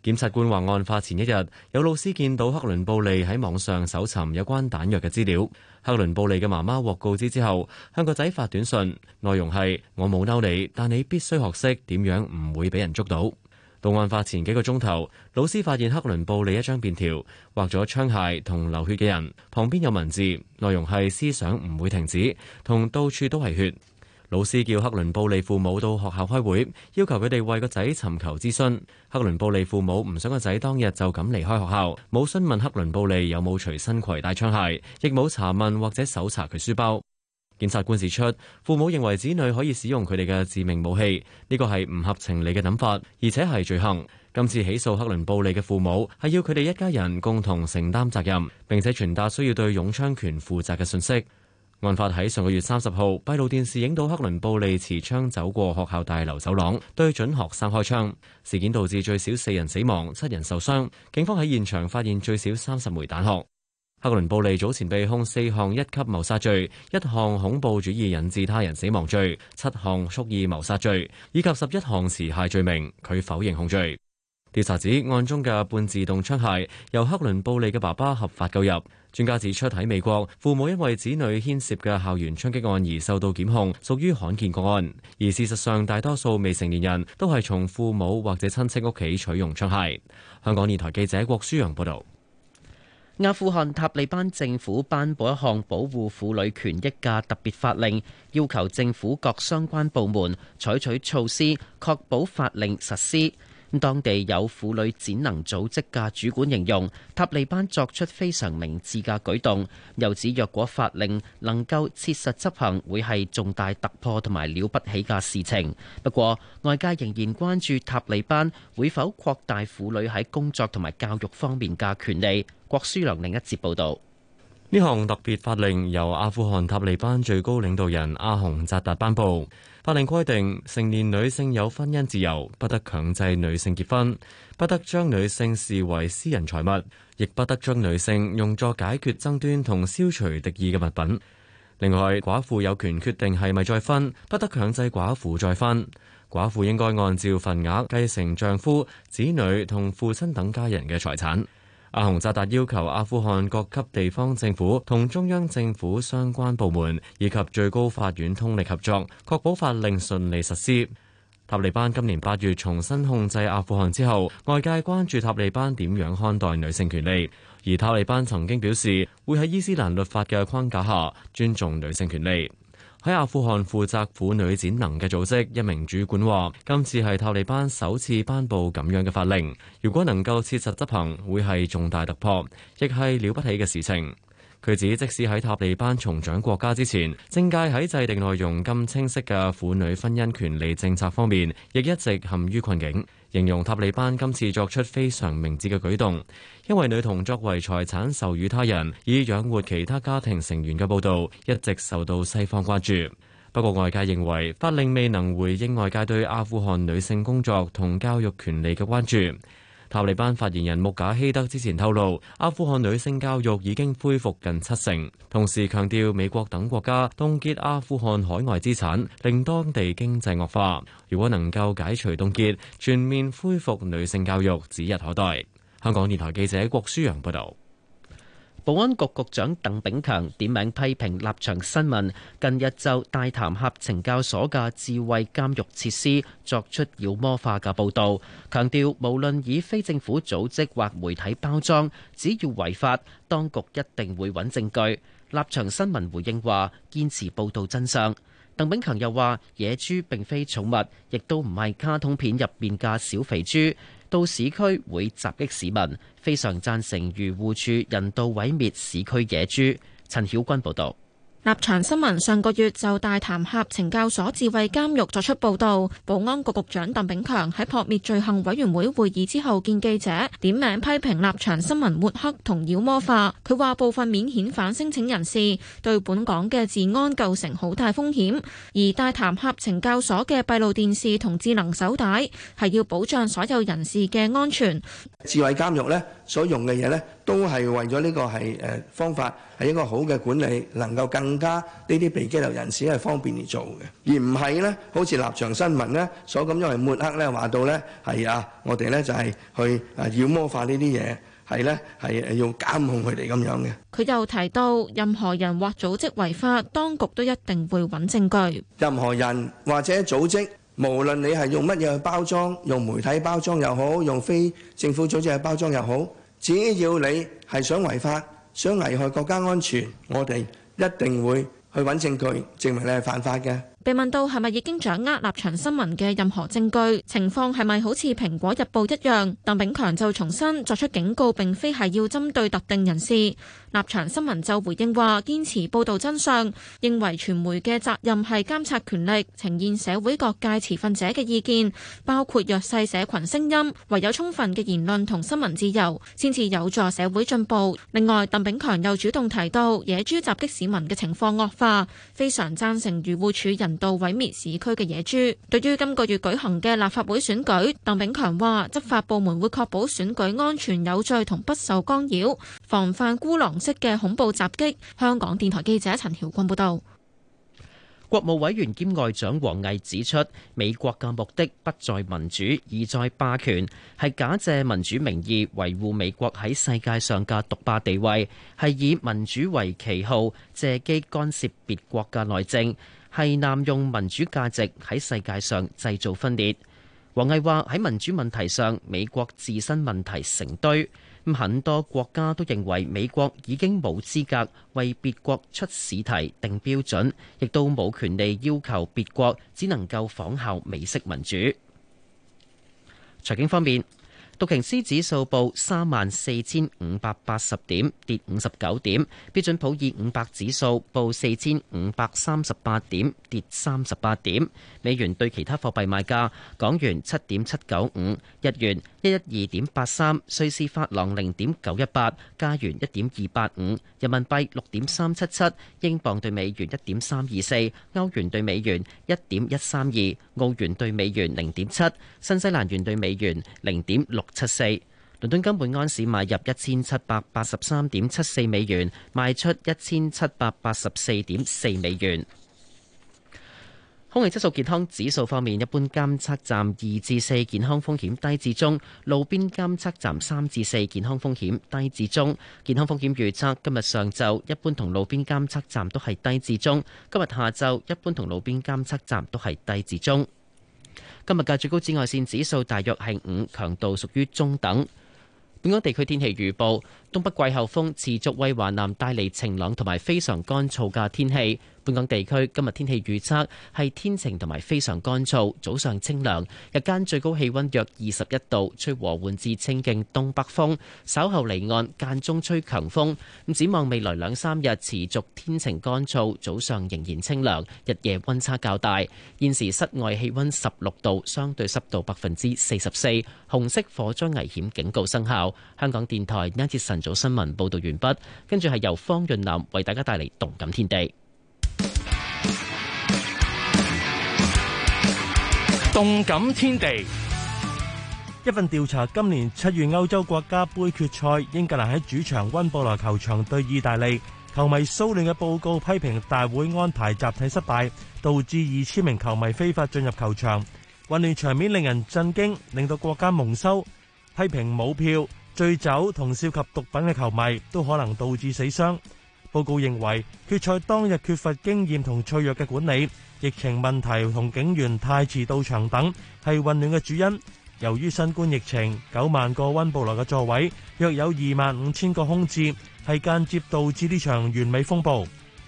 檢察官話，案發前一日，有老師見到克倫布利喺網上搜尋有關彈藥嘅資料。克倫布利嘅媽媽獲告知之後，向個仔發短信，內容係我冇嬲你，但你必須學識點樣唔會俾人捉到。到案發前幾個鐘頭，老師發現克倫布利一張便條，畫咗槍械同流血嘅人，旁邊有文字，內容係思想唔會停止，同到處都係血。老師叫克倫布利父母到學校開會，要求佢哋為個仔尋求諮詢。克倫布利父母唔想個仔當日就咁離開學校，冇詢問克倫布利有冇隨身攜帶槍械，亦冇查問或者搜查佢書包。檢察官指出，父母認為子女可以使用佢哋嘅致命武器，呢個係唔合情理嘅諗法，而且係罪行。今次起訴克倫布利嘅父母，係要佢哋一家人共同承擔責任，並且傳達需要對擁槍權負責嘅信息。案發喺上個月三十號，閉路電視影到克倫布利持槍走過學校大樓走廊，對準學生開槍。事件導致最少四人死亡、七人受傷。警方喺現場發現最少三十枚彈殼。克倫布利早前被控四項一級謀殺罪、一項恐怖主義引致他人死亡罪、七項蓄意謀殺罪以及十一項持械罪名，佢否認控罪。調查指案中嘅半自動槍械由克倫布利嘅爸爸合法購入。專家指出，喺美國，父母因為子女牽涉嘅校園槍擊案而受到檢控，屬於罕見個案。而事實上，大多數未成年人都係從父母或者親戚屋企取用槍械。香港電台記者郭舒揚報道。
阿富汗塔利班政府頒布一項保護婦女權益嘅特別法令，要求政府各相關部門採取措施，確保法令實施。當地有婦女展能組織嘅主管形容，塔利班作出非常明智嘅舉動，又指若果法令能夠切實執行，會係重大突破同埋了不起嘅事情。不過，外界仍然關注塔利班會否擴大婦女喺工作同埋教育方面嘅權利。郭書良另一節報道，呢項特別法令由阿
富汗塔利班最高領導人阿洪扎達頒布。法令規定，成年女性有婚姻自由，不得強制女性結婚，不得將女性視為私人財物，亦不得將女性用作解決爭端同消除敵意嘅物品。另外，寡婦有權決定係咪再婚，不得強制寡婦再婚。寡婦應該按照份額繼承丈夫、子女同父親等家人嘅財產。阿洪扎達要求阿富汗各級地方政府同中央政府相關部門以及最高法院通力合作，確保法令順利實施。塔利班今年八月重新控制阿富汗之後，外界關注塔利班點樣看待女性權利，而塔利班曾經表示會喺伊斯蘭律法嘅框架下尊重女性權利。喺阿富汗負責婦女展能嘅組織一名主管話，今次係塔利班首次頒布咁樣嘅法令，如果能夠切實執行，會係重大突破，亦係了不起嘅事情。佢指，即使喺塔利班重掌國家之前，政界喺制定內容咁清晰嘅婦女婚姻權利政策方面，亦一直陷於困境。形容塔利班今次作出非常明智嘅舉動，因為女童作為財產授予他人，以養活其他家庭成員嘅報導，一直受到西方關注。不過，外界認為法令未能回應外界對阿富汗女性工作同教育權利嘅關注。塔利班發言人穆賈希德之前透露，阿富汗女性教育已經恢復近七成，同時強調美國等國家凍結阿富汗海外資產，令當地經濟惡化。如果能夠解除凍結，全面恢復女性教育指日可待。香港電台
記者郭舒揚報導。保安局局長鄧炳強點名批評立場新聞近日就大潭峽懲教所嘅智慧監獄設施作出妖魔化嘅報道，強調無論以非政府組織或媒體包裝，只要違法，當局一定會揾證據。立場新聞回應話，堅持報道真相。鄧炳強又話，野豬並非寵物，亦都唔係卡通片入面嘅小肥豬。到市區會襲擊市民，非常贊成漁護處人道毀滅市區野豬。陳曉君報導。
立場新聞上個月就大潭峽懲教所智慧監獄作出報道，保安局局長鄧炳強喺撲滅罪行委員會會議之後見記者，點名批評立場新聞抹黑同妖魔化。佢話部分免遣返申請人士對本港嘅治安構成好大風險，而大潭峽懲教所嘅閉路電視同智能手帶係要保障所有人士嘅安全。
智慧監獄呢所用嘅嘢呢？都係為咗呢個係誒方法係一個好嘅管理，能夠更加呢啲被羈留人士係方便啲做嘅，而唔係咧好似《立場新聞》咧所咁樣嚟抹黑咧話到咧係啊，我哋咧就係去啊妖魔化呢啲嘢，係咧係要監控佢哋咁樣嘅。
佢又提到，任何人或組織違法，當局都一定會揾證據。
任何人或者組織，無論你係用乜嘢去包裝，用媒體包裝又好，用非政府組織去包裝又好。只要你係想違法、想危害國家安全，我哋一定會去揾證據證明你係犯法嘅。
被問到係咪已經掌握立場新聞嘅任何證據，情況係咪好似《蘋果日報》一樣？鄧炳強就重新作出警告，並非係要針對特定人士。立場新聞就回應話，堅持報導真相，認為傳媒嘅責任係監察權力，呈現社會各界持份者嘅意見，包括弱勢社群聲音。唯有充分嘅言論同新聞自由，先至有助社會進步。另外，鄧炳強又主動提到野豬襲擊市民嘅情況惡化，非常贊成漁護署人道毀滅市區嘅野豬。對於今個月舉行嘅立法會選舉，鄧炳強話執法部門會確保選舉安全有序同不受干擾，防範孤狼。色嘅恐怖襲擊，香港電台記者陳曉君報道。
國務委員兼外長王毅指出，美國嘅目的不在民主，而在霸權，係假借民主名義維護美國喺世界上嘅獨霸地位，係以民主為旗號，借機干涉別國嘅內政，係濫用民主價值喺世界上製造分裂。王毅話，喺民主問題上，美國自身問題成堆。咁很多國家都認為美國已經冇資格為別國出試題定標準，亦都冇權利要求別國只能夠仿效美式民主。財經方面，道瓊斯指數報三萬四千五百八十點，跌五十九點；標準普爾五百指數報四千五百三十八點，跌三十八點。美元對其他貨幣買價：港元七點七九五，日元。一一二點八三，83，瑞士法郎零點九一八，加元一點二八五，人民幣六點三七七，英鎊兌美元一點三二四，歐元兌美元一點一三二，澳元兌美元零點七，新西蘭元兌美元零點六七四。倫敦金每安士買入一千七百八十三點七四美元，賣出一千七百八十四點四美元。空氣質素健康指數方面，一般監測站二至四健康風險低至中，路邊監測站三至四健康風險低至中。健康風險預測，今日上晝一般同路邊監測站都係低至中，今日下晝一般同路邊監測站都係低至中。今日嘅最高紫外線指數大約係五，強度屬於中等。本港地區天氣預報。東北季候風持續為華南帶嚟晴朗同埋非常乾燥嘅天氣。本港地區今日天氣預測係天晴同埋非常乾燥，早上清涼，日間最高氣溫約二十一度，吹和緩至清勁東北風，稍後離岸間中吹強風。咁展望未來兩三日持續天晴乾燥，早上仍然清涼，日夜溫差較大。現時室外氣溫十六度，相對濕度百分之四十四，紅色火災危險警告生效。香港電台呢一節晨。早新聞報道完畢，跟住係由方潤南為大家帶嚟動感天地。
動感天地，一份調查，今年七月歐洲國家杯決賽，英格蘭喺主場溫布萊球場對意大利，球迷騷亂嘅報告批評大會安排集體失敗，導致二千名球迷非法進入球場，混亂場面令人震驚，令到國家蒙羞，批評冇票。醉酒同涉及毒品嘅球迷都可能導致死傷。報告認為決賽當日缺乏經驗同脆弱嘅管理，疫情問題同警員太遲到場等係混亂嘅主因。由於新冠疫情，九萬個溫布萊嘅座位約有二萬五千個空置，係間接導致呢場完美風暴。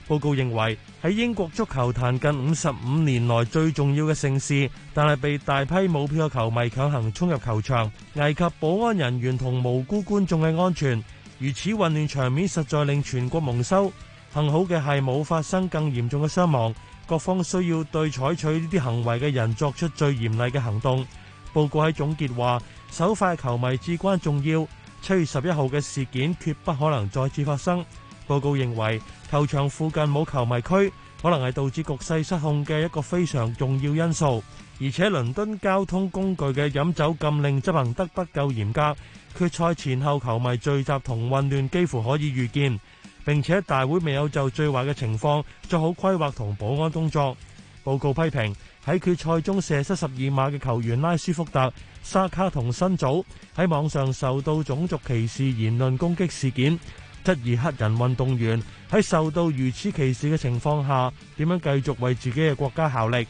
報告認為喺英國足球壇近五十五年來最重要嘅盛事，但係被大批冇票嘅球迷強行衝入球場，危及保安人員同無辜觀眾嘅安全。如此混亂場面實在令全國蒙羞。幸好嘅係冇發生更嚴重嘅傷亡，各方需要對採取呢啲行為嘅人作出最嚴厲嘅行動。報告喺總結話：首發球迷至關重要。七月十一號嘅事件絕不可能再次發生。報告認為球場附近冇球迷區可能係導致局勢失控嘅一個非常重要因素。而且，倫敦交通工具嘅飲酒禁令執行得不夠嚴格，決賽前後球迷聚集同混亂幾乎可以預見，並且，大會未有就最壞嘅情況做好規劃同保安工作。報告批評喺決賽中射失十二碼嘅球員拉斯福特、沙卡同新組喺網上受到種族歧視言論攻擊事件。質疑黑人運動員喺受到如此歧視嘅情況下，點樣繼續為自己嘅國家效力？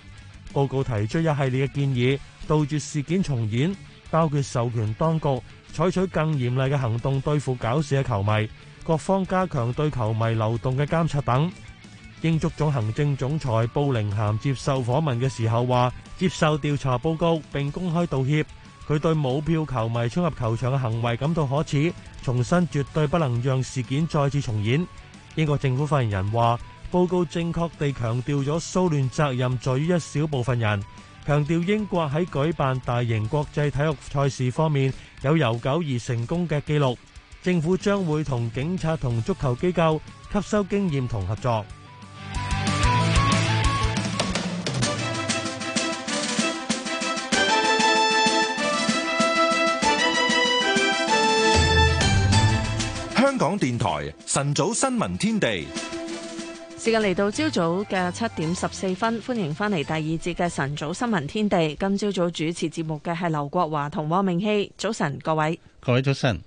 報告提出一系列嘅建議，杜絕事件重演，包括授權當局採取更嚴厲嘅行動，對付搞事嘅球迷，各方加強對球迷流動嘅監察等。英足總行政總裁布靈涵接受訪問嘅時候話，接受調查報告，並公開道歉。佢對冇票球迷衝入球場嘅行為感到可恥，重申絕對不能讓事件再次重演。英國政府發言人話：報告正確地強調咗騷亂責任在於一小部分人，強調英國喺舉辦大型國際體育賽事方面有悠久而成功嘅記錄。政府將會同警察同足球機構吸收經驗同合作。香港電台晨早新聞天地，
時間嚟到朝早嘅七點十四分，歡迎翻嚟第二節嘅晨早新聞天地。今朝早主持節目嘅係劉國華同汪明熙。早晨各位，
各位早晨。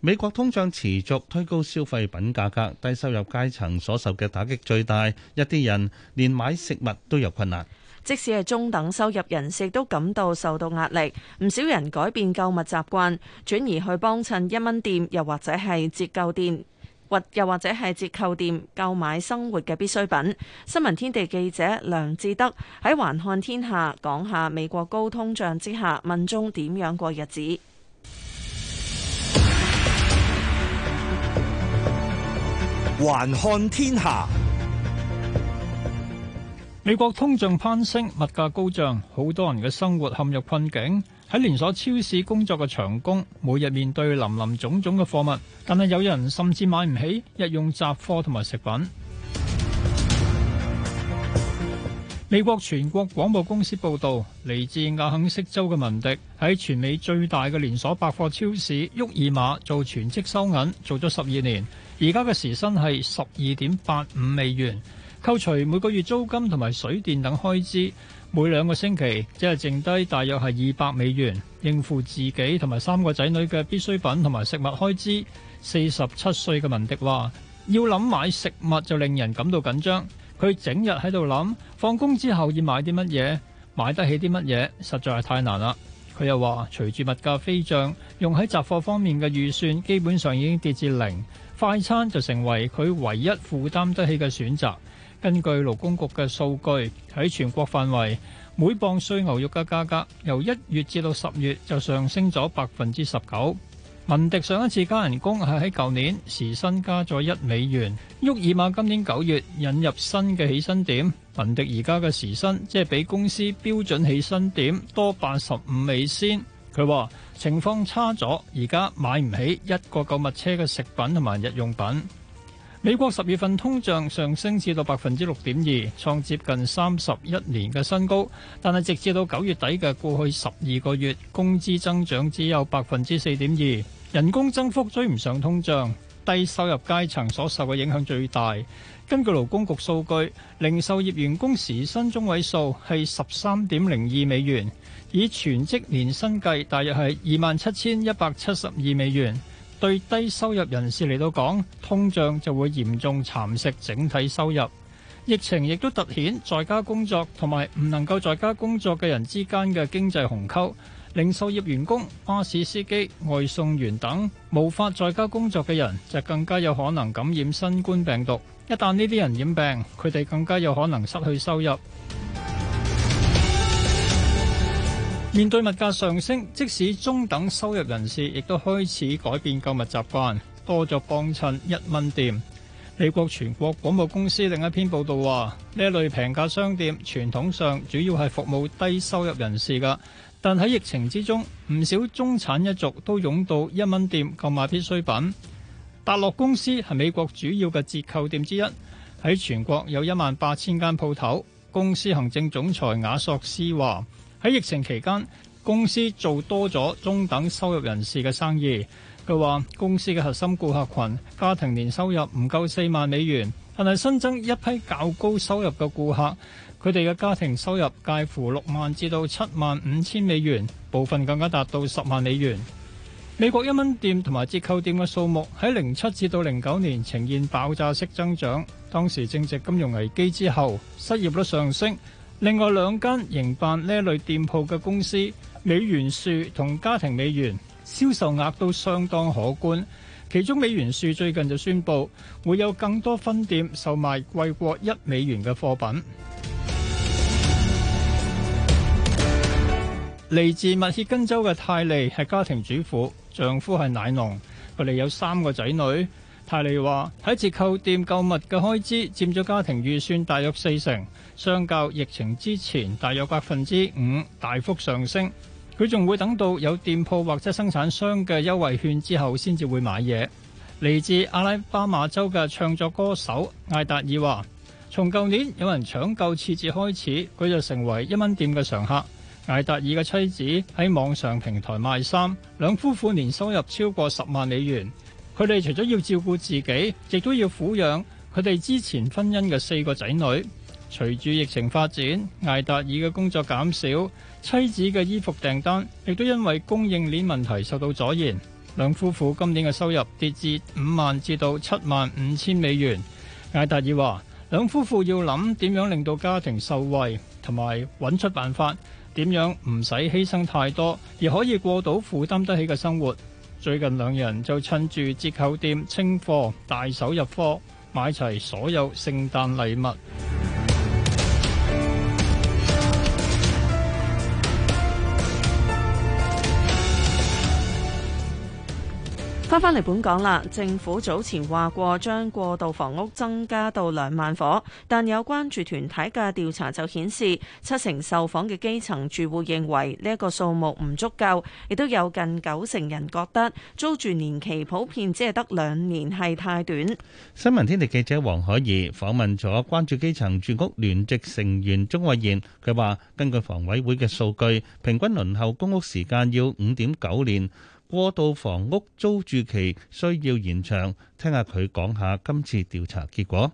美國通脹持續推高消費品價格，低收入階層所受嘅打擊最大，一啲人連買食物都有困難。
即使係中等收入人士都感到受到壓力，唔少人改變購物習慣，轉而去幫襯一蚊店，又或者係折扣店，或又或者係折扣店購買生活嘅必需品。新聞天地記者梁志德喺環看天下講下美國高通脹之下，民眾點樣過日子。
環看天下。
美國通脹攀升，物價高漲，好多人嘅生活陷入困境。喺連鎖超市工作嘅長工，每日面對林林種種嘅貨物，但係有人甚至買唔起日用雜貨同埋食品。 美國全國廣播公司報道，嚟自亞肯色州嘅文迪喺全美最大嘅連鎖百貨超市沃爾瑪做全職收銀，做咗十二年，而家嘅時薪係十二點八五美元。扣除每個月租金同埋水電等開支，每兩個星期只係剩低大約係二百美元，應付自己同埋三個仔女嘅必需品同埋食物開支。四十七歲嘅文迪話：要諗買食物就令人感到緊張，佢整日喺度諗，放工之後要買啲乜嘢，買得起啲乜嘢，實在係太難啦。佢又話：隨住物價飛漲，用喺雜貨方面嘅預算基本上已經跌至零，快餐就成為佢唯一負擔得起嘅選擇。根據勞工局嘅數據，喺全國範圍，每磅碎牛肉嘅價格由一月至到十月就上升咗百分之十九。文迪上一次加人工係喺舊年時薪加咗一美元。沃爾瑪今年九月引入新嘅起薪點，文迪而家嘅時薪即係比公司標準起薪點多八十五美仙。佢話情況差咗，而家買唔起一個購物車嘅食品同埋日用品。美國十月份通脹上升至到百分之六點二，創接近三十一年嘅新高。但係直至到九月底嘅過去十二個月，工資增長只有百分之四點二，人工增幅追唔上通脹，低收入階層所受嘅影響最大。根據勞工局數據，零售業員工時薪中位數係十三點零二美元，以全職年薪計，大約係二萬七千一百七十二美元。對低收入人士嚟到講，通脹就會嚴重蠶食整體收入。疫情亦都突顯在家工作同埋唔能夠在家工作嘅人之間嘅經濟鴻溝，零售業員工、巴士司機、外送員等無法在家工作嘅人就更加有可能感染新冠病毒。一旦呢啲人染病，佢哋更加有可能失去收入。面對物價上升，即使中等收入人士亦都開始改變購物習慣，多咗幫襯一蚊店。美國全國廣播公司另一篇報道話，呢一類平價商店傳統上主要係服務低收入人士噶但喺疫情之中，唔少中產一族都湧到一蚊店購買必需品。達樂公司係美國主要嘅折扣店之一，喺全國有一萬八千間鋪頭。公司行政總裁亞索斯話。喺疫情期間，公司做多咗中等收入人士嘅生意。佢話：公司嘅核心顧客群家庭年收入唔夠四萬美元，但係新增一批較高收入嘅顧客，佢哋嘅家庭收入介乎六萬至到七萬五千美元，部分更加達到十萬美元。美國一蚊店同埋折扣店嘅數目喺零七至到零九年呈現爆炸式增長，當時正值金融危機之後，失業率上升。另外兩間營辦呢類店鋪嘅公司，美元樹同家庭美元，銷售額都相當可觀。其中美元樹最近就宣布會有更多分店售賣貴過一美元嘅貨品。嚟 自密歇根州嘅泰利係家庭主婦，丈夫係奶農，佢哋有三個仔女。泰利話：喺折扣店購物嘅開支佔咗家庭預算大約四成，相較疫情之前大約百分之五大幅上升。佢仲會等到有店鋪或者生產商嘅優惠券之後先至會買嘢。嚟自阿拉巴馬州嘅唱作歌手艾達爾話：從舊年有人搶購廁紙開始，佢就成為一蚊店嘅常客。艾達爾嘅妻子喺網上平台賣衫，兩夫婦年收入超過十萬美元。佢哋除咗要照顧自己，亦都要撫養佢哋之前婚姻嘅四個仔女。隨住疫情發展，艾達爾嘅工作減少，妻子嘅衣服訂單亦都因為供應鏈問題受到阻延。兩夫婦今年嘅收入跌至五萬至到七萬五千美元。艾達爾話：兩夫婦要諗點樣令到家庭受惠，同埋揾出辦法，點樣唔使犧牲太多，而可以過到負擔得起嘅生活。最近兩人就趁住折扣店清貨，大手入貨，買齊所有聖誕禮物。
翻返嚟本港啦，政府早前話過將過渡房屋增加到兩萬伙。但有關注團體嘅調查就顯示，七成受訪嘅基層住戶認為呢一個數目唔足夠，亦都有近九成人覺得租住年期普遍只係得兩年係太短。
新聞天地記者黃海怡訪問咗關注基層住屋聯席成員鍾慧燕，佢話：根據房委會嘅數據，平均輪候公屋時間要五點九年。過渡房屋租住期需要延長，聽下佢講下今次調查結果。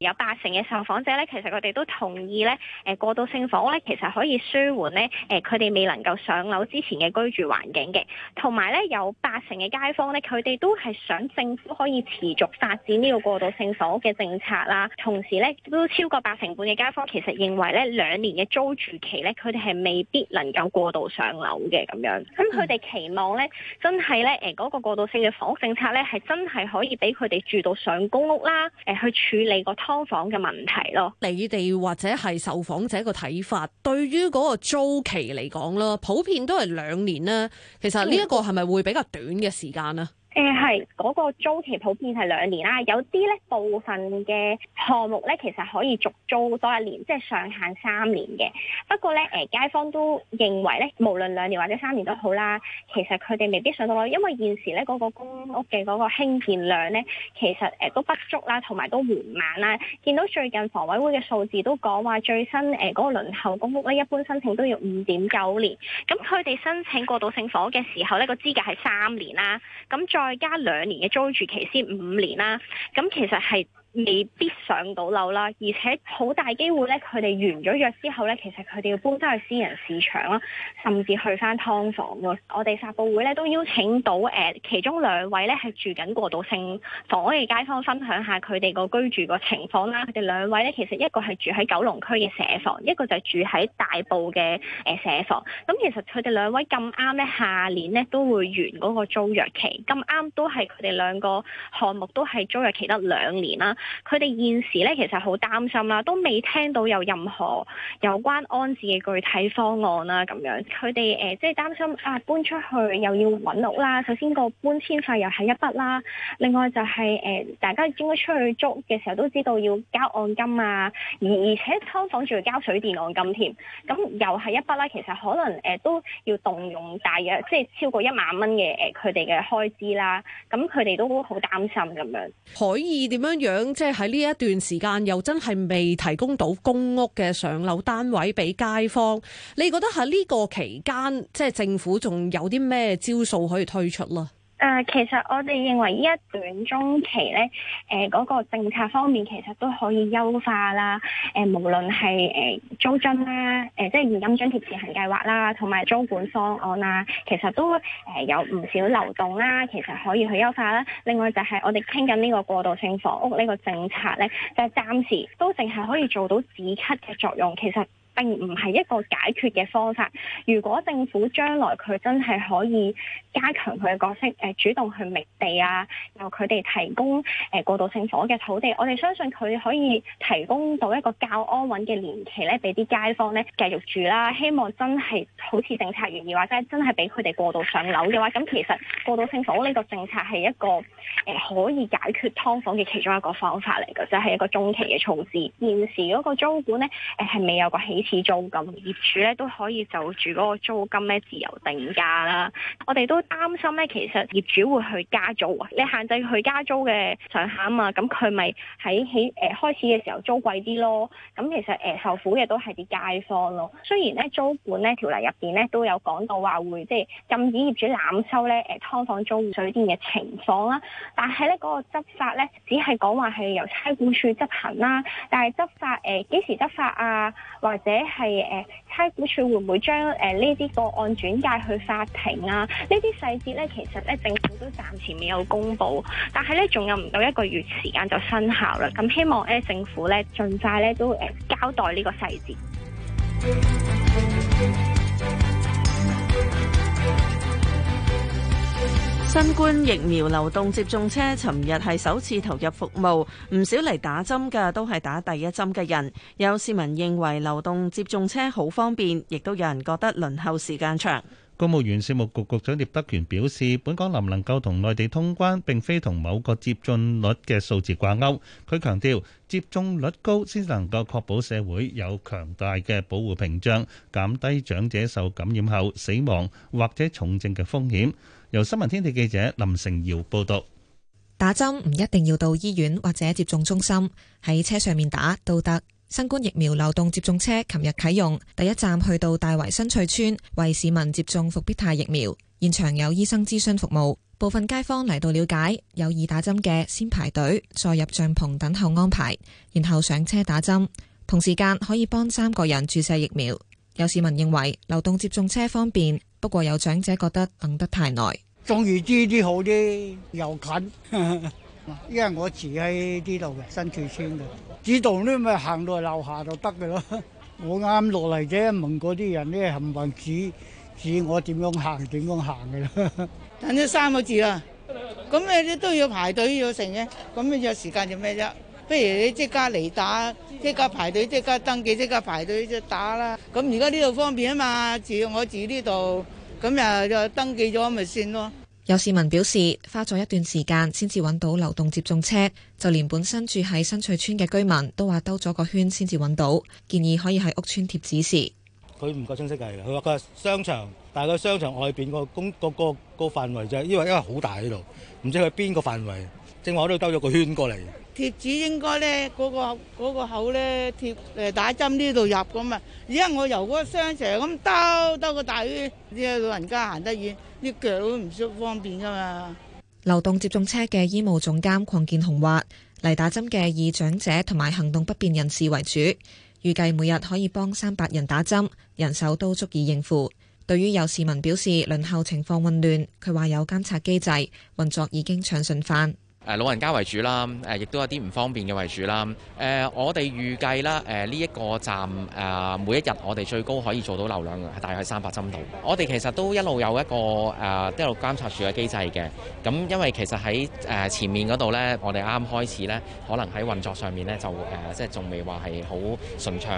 有八成嘅受訪者咧，其實佢哋都同意咧，誒過渡性房屋咧，其實可以舒緩咧，誒佢哋未能夠上樓之前嘅居住環境嘅。同埋咧，有八成嘅街坊咧，佢哋都係想政府可以持續發展呢個過渡性房屋嘅政策啦。同時咧，都超過八成半嘅街坊其實認為咧，兩年嘅租住期咧，佢哋係未必能夠過渡上樓嘅咁樣。咁佢哋期望咧，真係咧，誒、那、嗰個過渡性嘅房屋政策咧，係真係可以俾佢哋住到上公屋啦，誒去處理個。劏房嘅問題咯，你哋或者係受訪者個睇法，對於嗰個租期嚟講咧，普遍都係兩年啦。其實呢一個係咪會比較短嘅時間呢？誒，係嗰個租期普遍係兩年啦，有啲咧部分嘅項目咧，其實可以續租多一年，即係上限三年嘅。不過咧，誒街坊都認為咧，無論兩年或者三年都好啦，其實佢哋未必上到樓，因為現時咧嗰個公屋嘅嗰個興建量咧，其實誒都不足啦，同埋都緩慢啦。見到最近房委會嘅數字都講話，最新誒嗰個輪候公屋咧，一般申請都要五點九年。咁佢哋申請過渡性房屋嘅時候咧，個資格係三年啦。咁再加兩年嘅租住期先五年啦，咁其實係，未必上到樓啦，而且好大機會咧，佢哋完咗約之後咧，其實佢哋要搬翻去私人市場啦，甚至去翻劏房。我哋發佈會咧都邀請到誒、呃、其中兩位咧係住緊過渡性房屋嘅街坊，分享下佢哋個居住個情況啦。佢哋兩位咧其實一個係住喺九龍區嘅社房，一個就係住喺大埔嘅誒、呃、社房。咁其實佢哋兩位咁啱咧，下年咧都會完嗰個租約期，咁啱都係佢哋兩個項目都係租約期得兩年啦。佢哋現時咧其實好擔心啦，都未聽到有任何有關安置嘅具體方案啦。咁樣佢哋誒即係擔心啊，搬出去又要揾屋啦。首先個搬遷費又係一筆啦，另外就係、是、誒、呃、大家應該出去租嘅時候都知道要交按金啊，而而且劏房仲要交水電按金添，咁又係一筆啦。其實可能誒、呃、都要動用大約即係超過一萬蚊嘅誒佢哋嘅開支啦。咁佢哋都好擔心咁樣，可以點樣樣？即係喺呢一段時間，又真係未提供到公屋嘅上樓單位俾街坊，你覺得喺呢個期間，
即係政府仲有啲咩招數可以推出啦？
誒，其實我哋認為呢一段中期咧，誒嗰個政策方面其實都可以優化啦。誒，無論係誒租金啦，誒即係現金津貼試行計劃啦，同埋租管方案啦，其實都誒有唔少流動啦，其實可以去優化啦。另外就係我哋傾緊呢個過渡性房屋呢個政策咧，就係暫時都淨係可以做到止咳嘅作用，其實。並唔係一個解決嘅方法。如果政府將來佢真係可以加強佢嘅角色，誒、呃、主動去覓地啊，由佢哋提供誒、呃、過渡性房屋嘅土地，我哋相信佢可以提供到一個較安穩嘅年期咧，俾啲街坊咧繼續住啦。希望真係好似政策原意或者話，真真係俾佢哋過渡上樓嘅話，咁其實過渡性房屋呢個政策係一個誒、呃、可以解決劏房嘅其中一個方法嚟嘅，即、就、係、是、一個中期嘅措施。現時嗰個租管咧誒係未有個起。次租金，業主咧都可以就住嗰個租金咧自由定價啦。我哋都擔心咧，其實業主會去加租，啊，你限制佢加租嘅上限啊嘛，咁佢咪喺起誒、呃、開始嘅時候租貴啲咯。咁、嗯、其實誒、呃、受苦嘅都係啲街坊咯。雖然咧租管咧條例入邊咧都有講到話會即係禁止業主濫收咧誒、呃、劏房租水電嘅情況啦，但係咧嗰個執法咧只係講話係由差館處執行啦。但係執法誒幾、呃、時執法啊，或者？係誒，差估處，會唔會將誒呢啲個案轉介去法庭啊？呢啲細節咧，其實咧政府都暫時未有公布，但係咧仲有唔到一個月時間就生效啦。咁希望誒政府咧盡快咧都誒、呃、交代呢個細節。
新冠疫苗流動接種車尋日係首次投入服務，唔少嚟打針嘅都係打第一針嘅人。有市民認為流動接種車好方便，亦都有人覺得輪候時間長。
公務員事務局局長聶德權表示，本港能唔能夠同內地通關，並非同某個接種率嘅數字掛鈎。佢強調，接種率高先能夠確保社會有強大嘅保護屏障，減低長者受感染後死亡或者重症嘅風險。由新聞天地記者林成堯報道，
打針唔一定要到醫院或者接種中心，喺車上面打都得。新冠疫苗流動接種車琴日啟用，第一站去到大圍新翠村，為市民接種復必泰疫苗。現場有醫生諮詢服務，部分街坊嚟到了解，有意打針嘅先排隊，再入帳篷等候安排，然後上車打針。同時間可以幫三個人注射疫苗。有市民認為流動接種車方便。不過有長者覺得等得太耐，
終於知啲好啲又近。因為我住喺呢度嘅新翠村嘅，呢度呢咪行到樓下就得嘅啦。我啱落嚟啫，問嗰啲人呢，幸運指指我點樣行點樣行嘅啦。等咗三個字啦，咁你都要
排隊要成嘅，咁你有時間做咩啫？不如你即刻嚟打，即刻排隊，即刻登記，即刻排隊即打啦。咁而家呢度方便啊嘛，住我住呢度，咁啊就登記咗咪算咯。
有市民表示花咗一段時間先至揾到流動接種車，就連本身住喺新翠村嘅居民都話兜咗個圈先至揾到，建議可以喺屋村貼指示。
佢唔夠清晰㗎，佢話佢係商場，但係佢商場外邊個公個個個範圍就係、因為因為好大喺度，唔知佢邊個範圍，正話我都兜咗個圈過嚟。
貼紙應該咧，嗰、嗰個嗰個口咧貼誒打針呢度入咁啊！而家我由嗰個商場咁兜兜個大圈，老人家行得遠啲腳都唔舒服，方便噶嘛？
流動接種車嘅醫務總監鄺建雄話：嚟打針嘅以長者同埋行動不便人士為主，預計每日可以幫三百人打針，人手都足以應付。對於有市民表示輪候情況混亂，佢話有監察機制，運作已經暢順返。
誒，老人家為主啦，誒，亦都有啲唔方便嘅為主啦。誒、呃，我哋預計啦，誒、呃，呢、這、一個站誒、呃，每一日我哋最高可以做到流量係大概三百針度。我哋其實都一路有一個誒、呃，一路監察住嘅機制嘅。咁、嗯、因為其實喺誒、呃、前面嗰度咧，我哋啱開始咧，可能喺運作上面咧就誒、呃，即係仲未話係好順暢。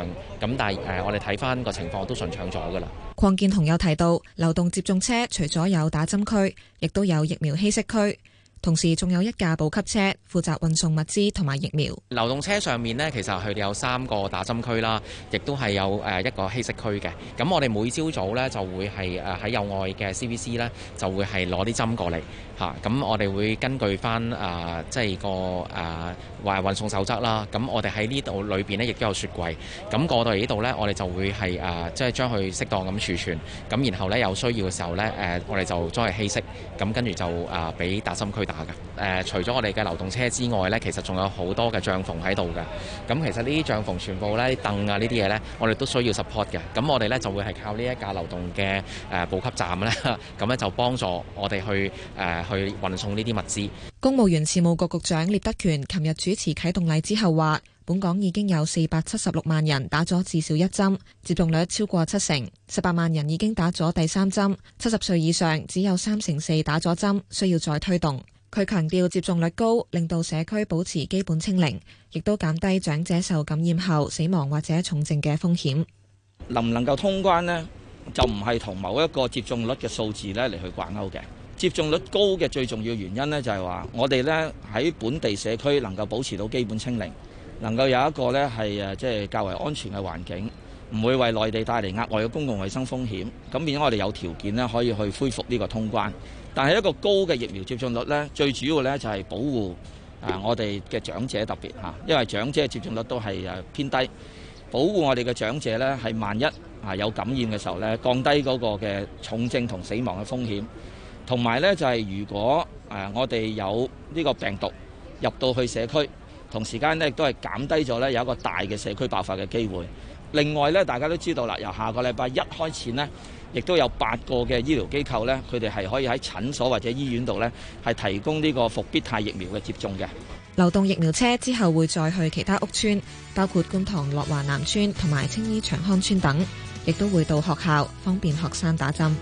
咁但係誒、呃，我哋睇翻個情況都順暢咗噶啦。
鄺建雄有提到，流動接種車除咗有打針區，亦都有疫苗稀釋區。同時仲有一架補給車，負責運送物資同埋疫苗。
流動車上面呢，其實佢哋有三個打針區啦，亦都係有誒一個稀釋區嘅。咁我哋每朝早呢，就會係誒喺右外嘅 CVC 呢，就會係攞啲針過嚟。啊，咁我哋會根據翻啊，即係個誒運運送守則啦。咁我哋喺呢度裏邊呢，亦都有雪櫃。咁過到嚟呢度呢，我哋就會係誒，即係將佢適當咁儲存。咁然後呢，有需要嘅時候呢，誒我哋就將佢稀釋。咁跟住就誒俾打針區打嘅。誒，除咗我哋嘅流動車之外呢，其實仲有好多嘅帳篷喺度嘅。咁其實呢啲帳篷全部呢，凳啊呢啲嘢呢，我哋都需要 support 嘅。咁我哋呢就會係靠呢一架流動嘅誒補給站呢，咁呢就幫助我哋去誒。去運送呢啲物資。
公務員事務局局長聶德權琴日主持啟動禮之後話，本港已經有四百七十六萬人打咗至少一針，接種率超過七成，十八萬人已經打咗第三針。七十歲以上只有三成四打咗針，需要再推動。佢強調接種率高，令到社區保持基本清零，亦都減低長者受感染後死亡或者重症嘅風險。
能唔能夠通關呢？就唔係同某一個接種率嘅數字呢嚟去掛鈎嘅。接種率高嘅最重要原因呢，就係話我哋呢喺本地社區能夠保持到基本清零，能夠有一個呢係誒，即係較為安全嘅環境，唔會為內地帶嚟額外嘅公共衞生風險。咁變咗我哋有條件呢可以去恢復呢個通關。但係一個高嘅疫苗接種率呢，最主要呢就係保護啊，我哋嘅長者特別嚇，因為長者嘅接種率都係誒偏低，保護我哋嘅長者呢係萬一啊有感染嘅時候呢降低嗰個嘅重症同死亡嘅風險。同埋咧，就係、是、如果誒、呃、我哋有呢個病毒入到去社區，同時間咧亦都係減低咗呢有一個大嘅社區爆發嘅機會。另外呢，大家都知道啦，由下個禮拜一開始呢，亦都有八個嘅醫療機構呢，佢哋係可以喺診所或者醫院度呢，係提供呢個復必泰疫苗嘅接種嘅。
流動疫苗車之後會再去其他屋村，包括觀塘樂華南村同埋青衣長康村等，亦都會到學校，方便學生打針。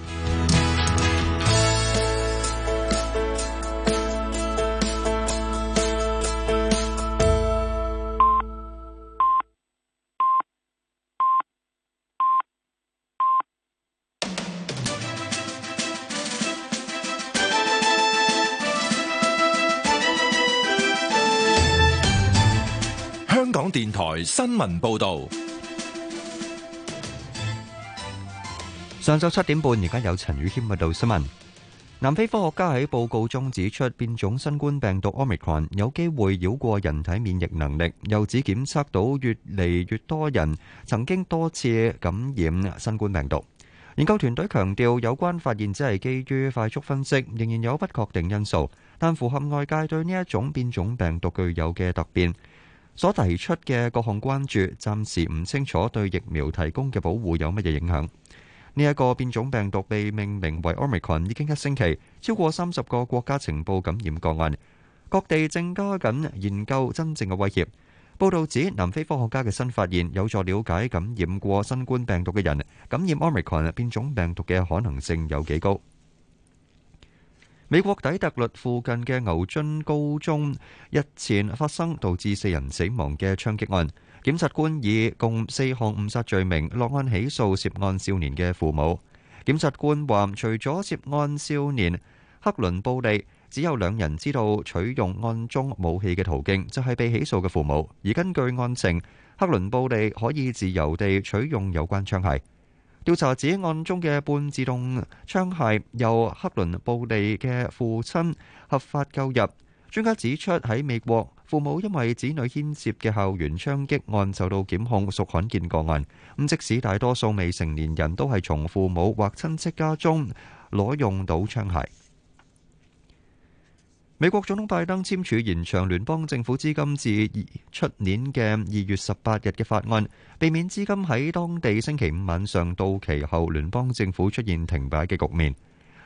台新聞報道，
上晝七點半，而家，有陳宇謙報道新聞。南非科學家喺報告中指出，變種新冠病毒 Omicron 有機會繞過人體免疫能力，又指檢測到越嚟越多人曾經多次感染新冠病毒。研究團隊強調，有關發現只係基於快速分析，仍然有不確定因素，但符合外界對呢一種變種病毒具有嘅突變。所提出嘅各項關注，暫時唔清楚對疫苗提供嘅保護有乜嘢影響。呢一個變種病毒被命名為 Omicron，已經一星期，超過三十個國家情報感染個案，各地正加緊研究真正嘅威脅。報導指，南非科學家嘅新發現有助了解感染過新冠病毒嘅人感染 Omicron 變種病毒嘅可能性有幾高。美國底特律附近嘅牛津高中日前發生導致四人死亡嘅槍擊案，檢察官以共四項誤殺罪名落案起訴涉案少年嘅父母。檢察官話，除咗涉案少年克倫布利，只有兩人知道取用案中武器嘅途徑，就係被起訴嘅父母。而根據案情，克倫布利可以自由地取用有關槍械。調查指案中嘅半自動槍械由克倫布利嘅父親合法購入。專家指出，喺美國，父母因為子女牽涉嘅校園槍擊案受到檢控，屬罕見個案。咁即使大多數未成年人都係從父母或親戚家中攞用到槍械。美國總統拜登簽署延長聯邦政府資金至出年嘅二月十八日嘅法案，避免資金喺當地星期五晚上到期後，聯邦政府出現停擺嘅局面。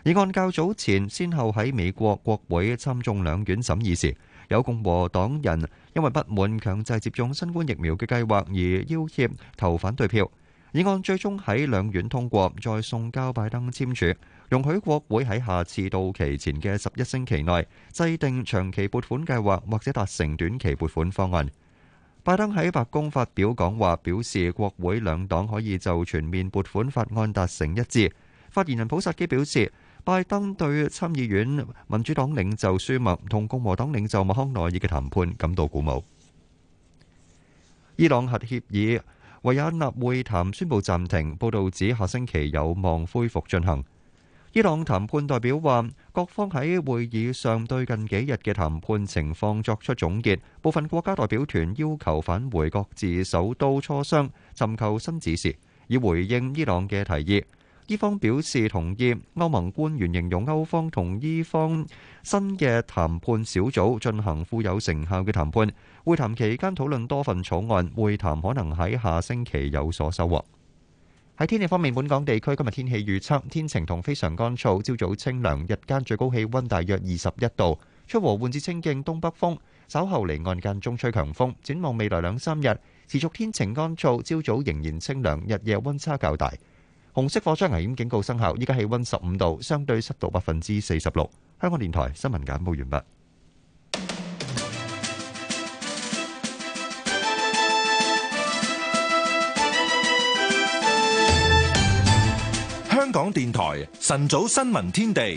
議案較早前，先後喺美國國會參眾兩院審議時，有共和黨人因為不滿強制接種新冠疫苗嘅計劃而要挾投反對票。議案最終喺兩院通過，再送交拜登簽署。容許國會喺下次到期前嘅十一星期內制定長期撥款計劃，或者達成短期撥款方案。拜登喺白宮發表講話，表示國會兩黨可以就全面撥款法案達成一致。發言人普薩基表示，拜登對參議院民主黨領袖舒默同共和黨領袖麥康奈爾嘅談判感到鼓舞。伊朗核協議維也納會談宣布暫停，報道指下星期有望恢復進行。伊朗談判代表話：各方喺會議上對近幾日嘅談判情況作出總結，部分國家代表團要求返回各自首都磋商，尋求新指示，以回應伊朗嘅提議。伊方表示同意。歐盟官員形容歐方同伊方新嘅談判小組進行富有成效嘅談判。會談期間討論多份草案，會談可能喺下星期有所收穫。喺天氣方面，本港地區今日天氣預測，天晴同非常乾燥，朝早清涼，日間最高氣溫大約二十一度，出和緩至清勁東北風，稍後離岸間中吹強風。展望未來兩三日持續天晴乾燥，朝早仍然清涼，日夜溫差較大。紅色火災危險警告生效，依家氣溫十五度，相對濕度百分之四十六。香港電台新聞簡報完畢。
港電台晨早新聞天地，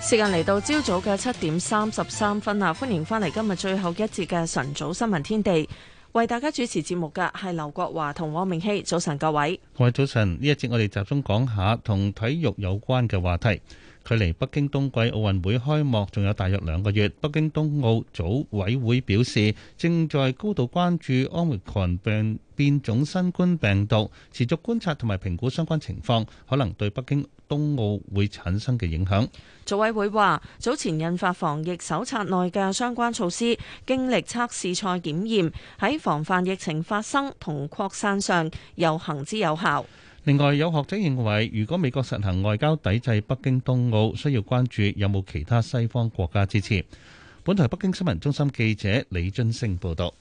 時間嚟到朝早嘅七點三十三分啊！歡迎翻嚟今日最後一節嘅晨早新聞天地，為大家主持節目嘅係劉國華同汪明熙。早晨各位，
各位早晨！呢一節我哋集中講下同體育有關嘅話題。距離北京冬季奧運會開幕仲有大約兩個月，北京冬奧組委會表示正在高度關注奧密克戎病變種新冠病毒持續觀察同埋評估相關情況，可能對北京冬奧會產生嘅影響。
組委會話：早前印發防疫手冊內嘅相關措施，經歷測試賽檢驗，喺防範疫情發生同擴散上又行之有效。
另外，有學者認為，如果美國實行外交抵制北京冬奧，需要關注有冇其他西方國家支持。
本台北京新聞中心記者李津升報道。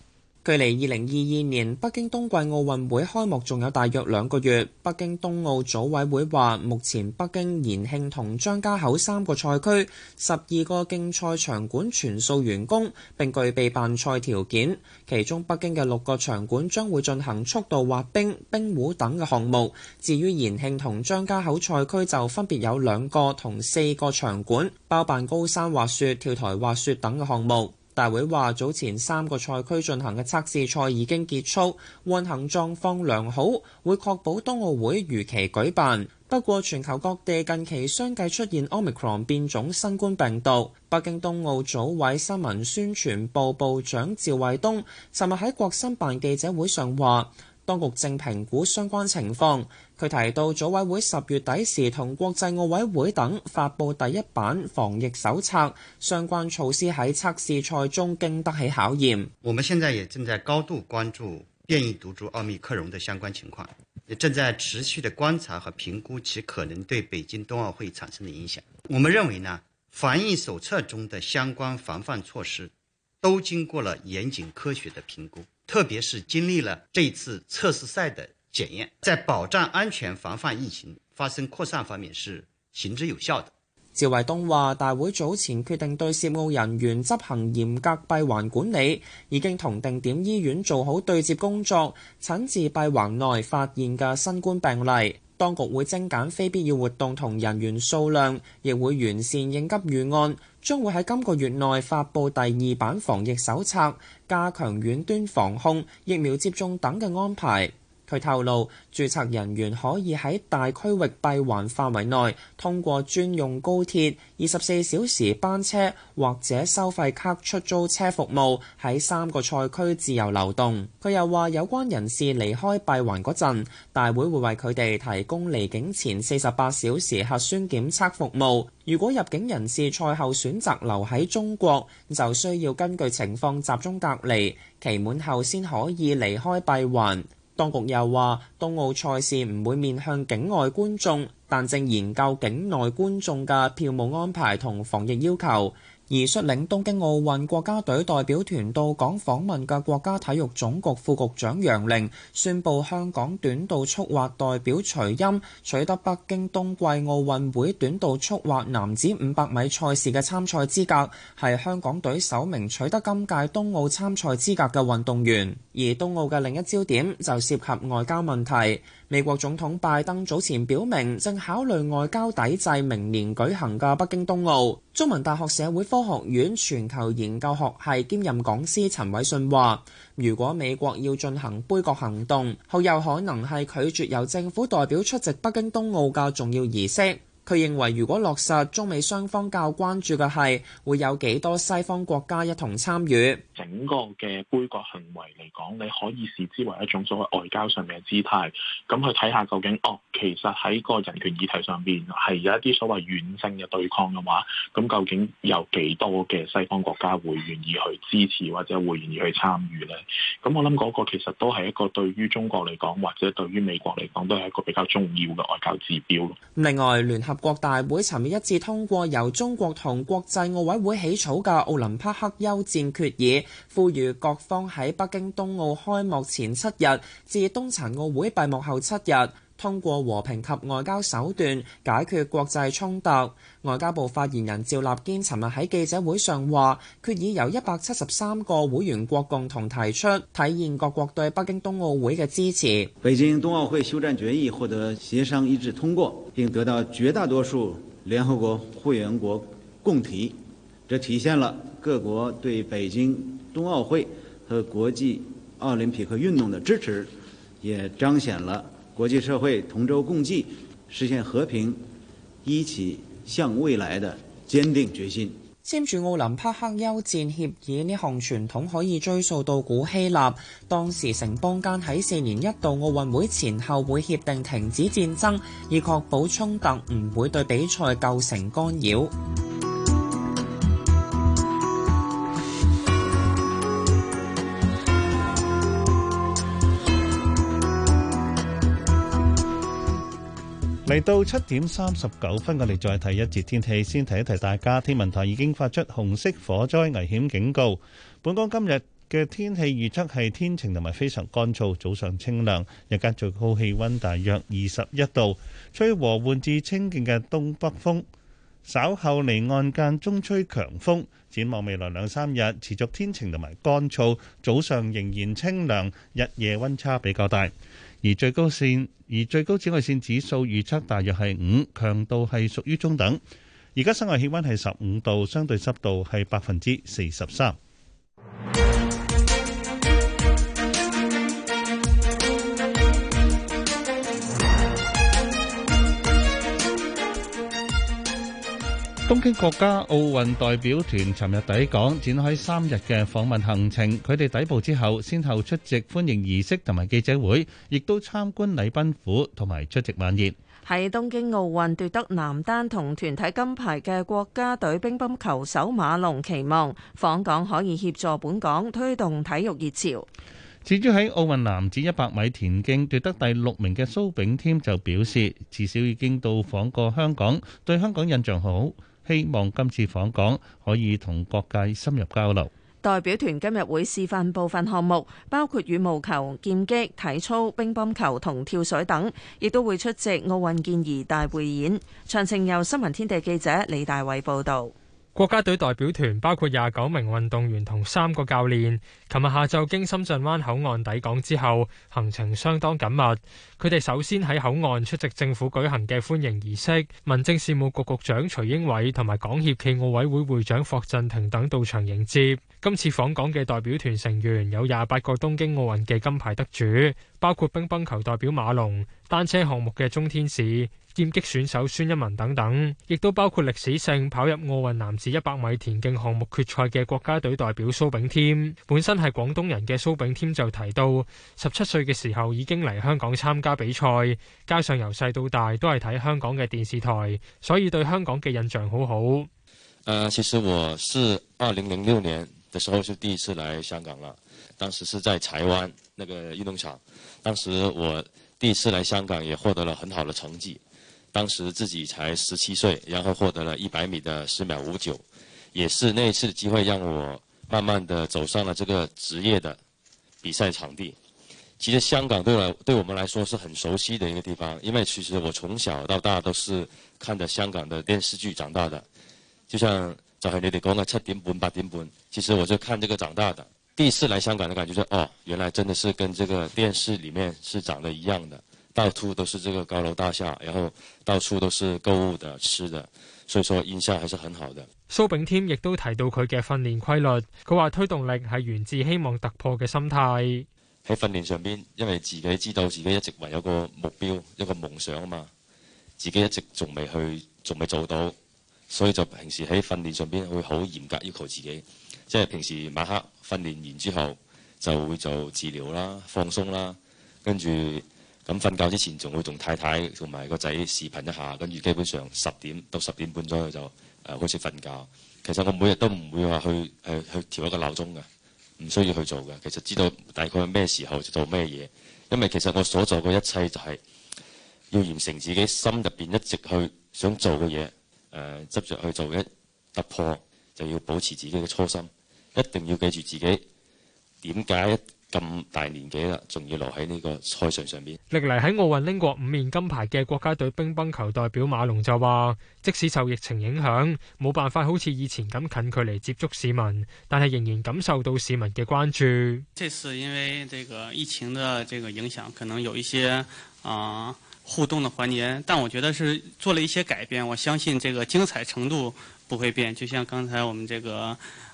距離二零二二年北京冬季奧運會開幕仲有大約兩個月，北京冬奧組委會話，目前北京延慶同張家口三個賽區十二個競賽場館全數完工，並具備辦賽條件。其中北京嘅六個場館將會進行速度滑冰、冰壺等嘅項目。至於延慶同張家口賽區就分別有兩個同四個場館包辦高山滑雪、跳台滑雪等嘅項目。大會話早前三個賽區進行嘅測試賽已經結束，運行狀況良好，會確保冬奧會如期舉辦。不過，全球各地近期相繼出現 Omicron 變種新冠病毒。北京冬奧組委新聞宣傳部部長趙衛東尋日喺國新辦記者會上話。當局正評估相關情況。佢提到組委會十月底時同國際奧委會等發布第一版防疫手冊，相關措施喺測試賽中經得起考驗。我們現在也正在高度關注
變異毒株奧密克戎的相關情況，也正在持續的觀察和評估其可能對北京冬奧會產生的影響。我們認為呢，防疫手冊中的相關防範措施都經過了嚴謹科學的評估。特別是經歷了這次測試賽的檢驗，在保障安全、防範疫情發生擴散方面是行之有效的。
趙衛東話，大會早前決定對涉奧人員執行嚴格閉環管理，已經同定點醫院做好對接工作，診治閉環內發現嘅新冠病例。當局會精簡非必要活動同人員數量，亦會完善應急預案，將會喺今個月內發佈第二版防疫手冊，加強遠端防控、疫苗接種等嘅安排。佢透露，註冊人員可以喺大區域閉環範圍內，通過專用高鐵、二十四小時班車或者收費卡出租車服務，喺三個賽區自由流動。佢又話，有關人士離開閉環嗰陣，大會會為佢哋提供離境前四十八小時核酸檢測服務。如果入境人士賽後選擇留喺中國，就需要根據情況集中隔離，期滿後先可以離開閉環。當局又話，冬奧賽事唔會面向境外觀眾，但正研究境內觀眾嘅票務安排同防疫要求。而率領東京奧運國家隊代表團到港訪問嘅國家體育總局副局長楊玲宣布，香港短道速滑代表徐欽取得北京冬季奧運會短道速滑男子五百米賽事嘅參賽資格，係香港隊首名取得今屆冬奧參賽資格嘅運動員，而冬奧嘅另一焦點就涉及外交問題，美國總統拜登早前表明正考慮外交抵制明年舉行嘅北京冬奧。中文大學社會科學院全球研究學系兼任講師陳偉信話，如果美國要進行杯葛行動，後有可能係拒絕由政府代表出席北京冬奧嘅重要儀式。佢認為如果落實，中美雙方較關注嘅係會有幾多西方國家一同參與整個嘅杯葛行為嚟講，你可以視之為一種所謂外交上面嘅姿態，咁去睇下究竟，哦，其實喺個人權議題上邊係有一啲所謂軟性嘅對抗嘅話，咁究竟有幾多嘅
西方國家會願意去支持或者會願意去參與咧？咁我諗嗰個其實都係一個對於中國嚟講或者對於美國嚟講都係一個比較重要嘅外交指標，
另外，聯合。國大會尋日一致通過由中國同國際奧委會起草嘅《奧林匹克休戰決議》，呼籲各方喺北京冬奧開幕前七日至冬殘奧會閉幕後七日，通過和平及外交手段解決國際衝突。外交部發言人趙立堅尋日喺記者會上話，決議由一百七十三個會員國共同提出，體現各國對北
京冬奧會嘅支持。北京冬奧會休戰決議獲得協商一致通過，並得到絕大多數聯合國會員國共提，這體現
了各國對北京冬奧會和國際奧林匹克運動
的支持，也彰顯了。國際社會同舟共濟，實現和平，一起向未來的堅定決心。簽住奧林匹
克休戰協議呢項傳統可以追溯到古希臘，當時城邦間喺四年一度奧運會前後會協定停止戰爭，以確保衝突唔會對比賽構成干擾。
嚟到七點三十九分，我哋再睇一節天氣，先提一提大家。天文台已經發出紅色火災危險警告。本港今日嘅天氣預測係天晴同埋非常乾燥，早上清涼，日間最高氣温大約二十一度，吹和緩至清勁嘅東北風。稍後離岸間中吹強風。展望未來兩三日持續天晴同埋乾燥，早上仍然清涼，日夜温差比較大。而最高線，而最高紫外線指數預測大約係五，強度係屬於中等。而家室外氣溫係十五度，相對濕度係百分之四十三。東京國家奧運代表團尋日抵港，展開三日嘅訪問行程。佢哋抵埗之後，先後出席歡迎儀式同埋記者會，亦都參觀禮賓府同埋出席晚宴。
喺東京奧運奪得男單同團體金牌嘅國家隊乒乓球手馬龍期望訪港可以協助本港推動體育熱潮。
至於喺奧運男子一百米田徑奪得第六名嘅蘇炳添就表示，至少已經到訪過香港，對香港印象好。希望今次訪港可以同各界深入交流。
代表團今日會示範部分項目，包括羽毛球、劍擊、體操、乒乓球同跳水等，亦都會出席奧運健兒大會演。詳情由新聞天地記者李大偉報導。
國家隊代表團包括廿九名運動員同三個教練，琴日下晝經深圳灣口岸抵港之後，行程相當緊密。佢哋首先喺口岸出席政府舉行嘅歡迎儀式，民政事務局局長徐英偉同埋港協暨奧委會會長霍震霆等到場迎接。今次訪港嘅代表團成員有廿八個東京奧運嘅金牌得主，包括乒乓球代表馬龍、單車項目嘅鍾天使、劍擊選手孫一文等等，亦都包括歷史性跑入奧運男子一百米田徑項目決賽嘅國家隊代表蘇炳添。本身係廣東人嘅蘇炳添就提到，十七歲嘅時候已經嚟香港參加比賽，加上由細到大都係睇香港嘅電視台，所以對香港嘅印象好好。
呃，其實我是二零零六年嘅時候就第一次嚟香港啦，當時是在台灣那個運動場，當時我第一次嚟香港也獲得了很好的成績。當時自己才十七歲，然後獲得了一百米的十秒五九，也是那一次機會讓我慢慢的走上了這個職業的比賽場地。其實香港對我對我們來說是很熟悉的一個地方，因為其實我從小到大都是看着香港的電視劇長大的，就像早《張學友的歌》那七點半八點半，其實我是看這個長大的。第一次來香港的感覺就是，哦，原來真的是跟這個電視裏面是長得一樣的。到處都是這個高樓大廈，然後到處都是購物的、吃的，所以說印象還是很好的。
蘇炳添亦都提到佢嘅訓練規律，佢話推動力係源自希望突破嘅心態，
喺訓練上邊，因為自己知道自己一直唯有個目標一個夢想啊嘛，自己一直仲未去仲未做到，所以就平時喺訓練上邊會好嚴格要求自己，即係平時晚黑訓練完之後就會做治療啦、放鬆啦，跟住。咁瞓覺之前仲會同太太同埋個仔視頻一下，跟住基本上十點到十點半左右就誒、呃、開始瞓覺。其實我每日都唔會話去誒去，去調一個鬧鐘嘅，唔需要去做嘅。其實知道大概係咩時候就做咩嘢，因為其實我所做嘅一切就係要完成自己心入邊一直去想做嘅嘢，誒、呃、執着去做嘅突破，就要保持自己嘅初心，一定要記住自己點解。咁大年紀啦，仲要留喺呢個賽場上邊。
歷嚟喺奧運拎過五面金牌嘅國家隊乒乓球代表馬龍就話：即使受疫情影響，冇辦法好似以前咁近距離接觸市民，但係仍然感受到市民嘅關注。
這次因為這個疫情的這個影響，可能有一些啊、呃、互動的環節，但我覺得是做了一些改變。我相信這個精彩程度不會變，就像剛才我們這個。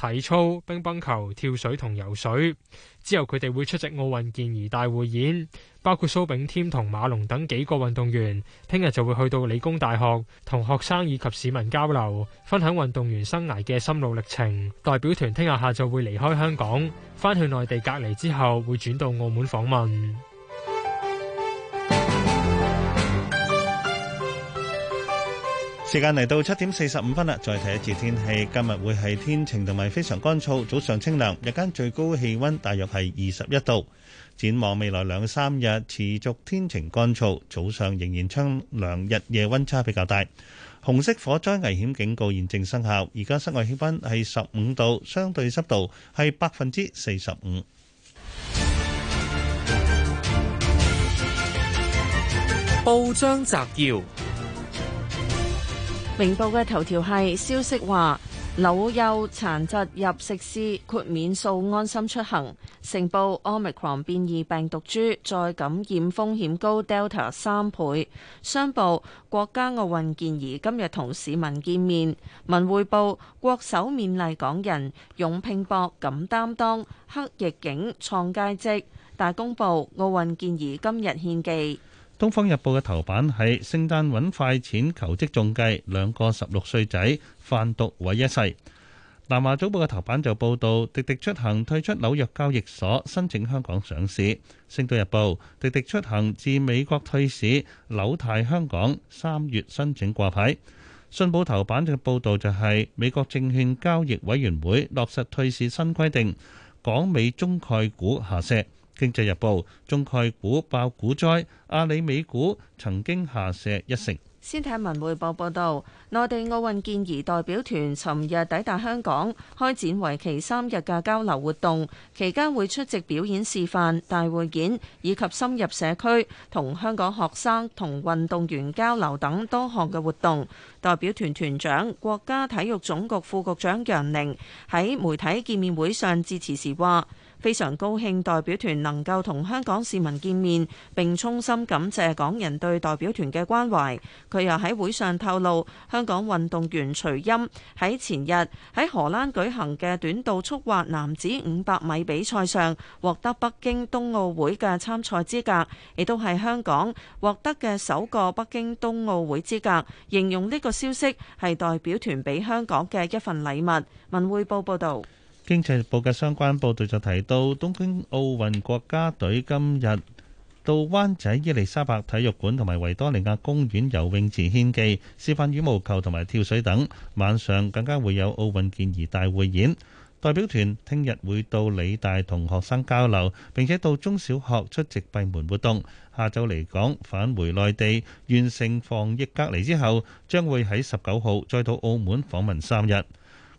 體操、乒乓球、跳水同游水，之後佢哋會出席奧運健兒大匯演，包括蘇炳添同馬龍等幾個運動員，聽日就會去到理工大學同學生以及市民交流，分享運動員生涯嘅心路歷程。代表團聽日下晝會離開香港，返去內地隔離之後，會轉到澳門訪問。
時間嚟到七點四十五分啦，再睇一次天氣。今日會係天晴同埋非常乾燥，早上清涼，日間最高氣溫大約係二十一度。展望未來兩三日持續天晴乾燥，早上仍然清涼，日夜溫差比較大。紅色火災危險警告現正生效。而家室外氣溫係十五度，相對濕度係百分之四十五。報章摘要。
明報嘅頭條係消息話，老幼殘疾入食肆豁免掃安心出行。成報 Omicron 變異病毒株再感染風險高，Delta 三倍。商報國家奧運健兒今日同市民見面。文匯報國手勉勵港人勇拼搏敢擔當，克逆境創佳績。大公報奧運健兒今日獻技。
《東方日報》嘅頭版喺聖誕揾快錢求職中計，兩個十六歲仔販毒毀一世。《南華早報》嘅頭版就報導滴滴出行退出紐約交易所，申請香港上市。《星島日報》滴滴出行至美國退市，扭太香港三月申請掛牌。《信報》頭版嘅報導就係美國證券交易委員會落實退市新規定，港美中概股下瀉。經濟日報，中概股爆股災，阿里美股曾經下瀉一成。
先睇文匯報報導，內地奧運健兒代表團尋日抵達香港，開展為期三日嘅交流活動，期間會出席表演示範大會演，以及深入社區同香港學生同運動員交流等多項嘅活動。代表團團長、國家體育總局副局長楊寧喺媒體見面會上致辭時話，非常高興代表團能夠同香港市民見面，並衷心感謝港人對代表團嘅關懷。佢又喺會上透露，香港運動員徐鑫喺前日喺荷蘭舉行嘅短道速滑男子五百米比賽上獲得北京冬奧會嘅參賽資格，亦都係香港獲得嘅首個北京冬奧會資格。形容呢個消息係代表團俾香港嘅一份禮物。文匯報報道。
經濟部嘅相關報導就提到，東京奧運國家隊今日到灣仔伊麗莎白體育館同埋維多利亞公園游泳池獻技，示範羽毛球同埋跳水等。晚上更加會有奧運健兒大匯演。代表團聽日會到理大同學生交流，並且到中小學出席閉門活動。下晝嚟港，返回內地完成防疫隔離之後，將會喺十九號再到澳門訪問三日。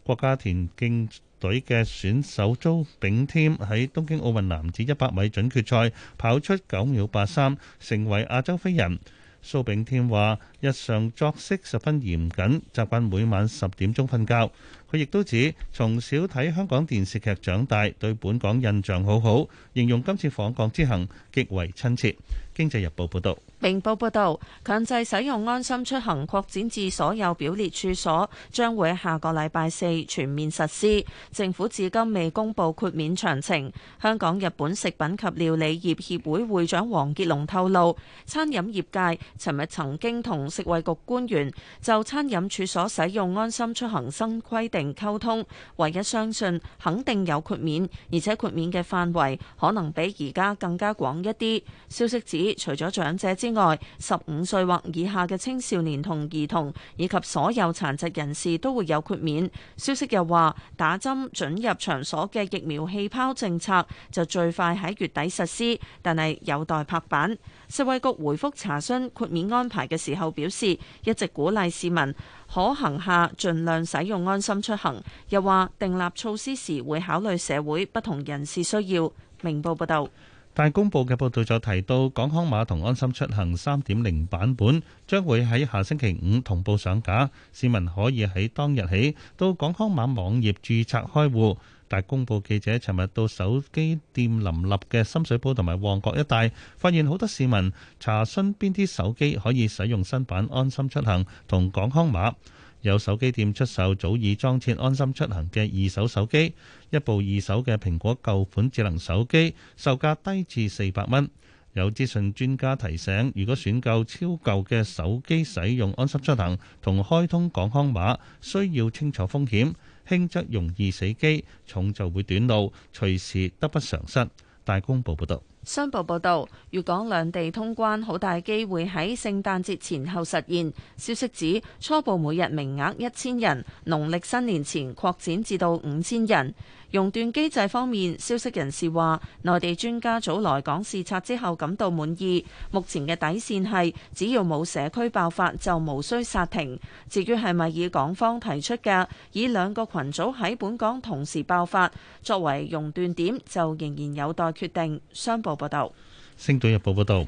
國家田徑隊嘅選手蘇炳添喺東京奧運男子一百米準決賽跑出九秒八三，成為亞洲飛人。蘇炳添話：日常作息十分嚴謹，習慣每晚十點鐘瞓覺。佢亦都指從小睇香港電視劇長大，對本港印象好好，形容今次訪港之行極為親切。經濟日報報道。
明報報道，強制使用安心出行擴展至所有表列處所，將會喺下個禮拜四全面實施。政府至今未公布豁免詳情。香港日本食品及料理業協會會長黃傑龍透露，餐飲業界尋日曾經同食衛局官員就餐飲處所使用安心出行新規定溝通，唯一相信肯定有豁免，而且豁免嘅範圍可能比而家更加廣一啲。消息指，除咗長者之外外十五歲或以下嘅青少年同兒童，以及所有殘疾人士都會有豁免。消息又話，打針准入場所嘅疫苗氣泡政策就最快喺月底實施，但係有待拍板。食衛局回復查詢豁免安排嘅時候表示，一直鼓勵市民可行下盡量使用安心出行。又話訂立措施時會考慮社會不同人士需要。明報報道。
大公報嘅報道就提到，港康碼同安心出行3.0版本將會喺下星期五同步上架，市民可以喺當日起到港康碼網頁註冊開戶。大公報記者尋日到手機店林立嘅深水埗同埋旺角一帶，發現好多市民查詢邊啲手機可以使用新版安心出行同港康碼。有手機店出售早已裝設安心出行嘅二手手機，一部二手嘅蘋果舊款智能手機，售價低至四百蚊。有資訊專家提醒，如果選購超舊嘅手機使用安心出行同開通港康碼，需要清楚風險，輕則容易死機，重就會短路，隨時得不償失。大公報報道。
商報報導，粵港兩地通關好大機會喺聖誕節前後實現。消息指，初步每日名額一千人，農曆新年前擴展至到五千人。熔斷機制方面，消息人士話，內地專家組來港視察之後感到滿意。目前嘅底線係，只要冇社區爆發就無需煞停。至於係咪以港方提出嘅，以兩個群組喺本港同時爆發作為熔斷點，就仍然有待決定。商報報導，星步
步道《星島日報》報導。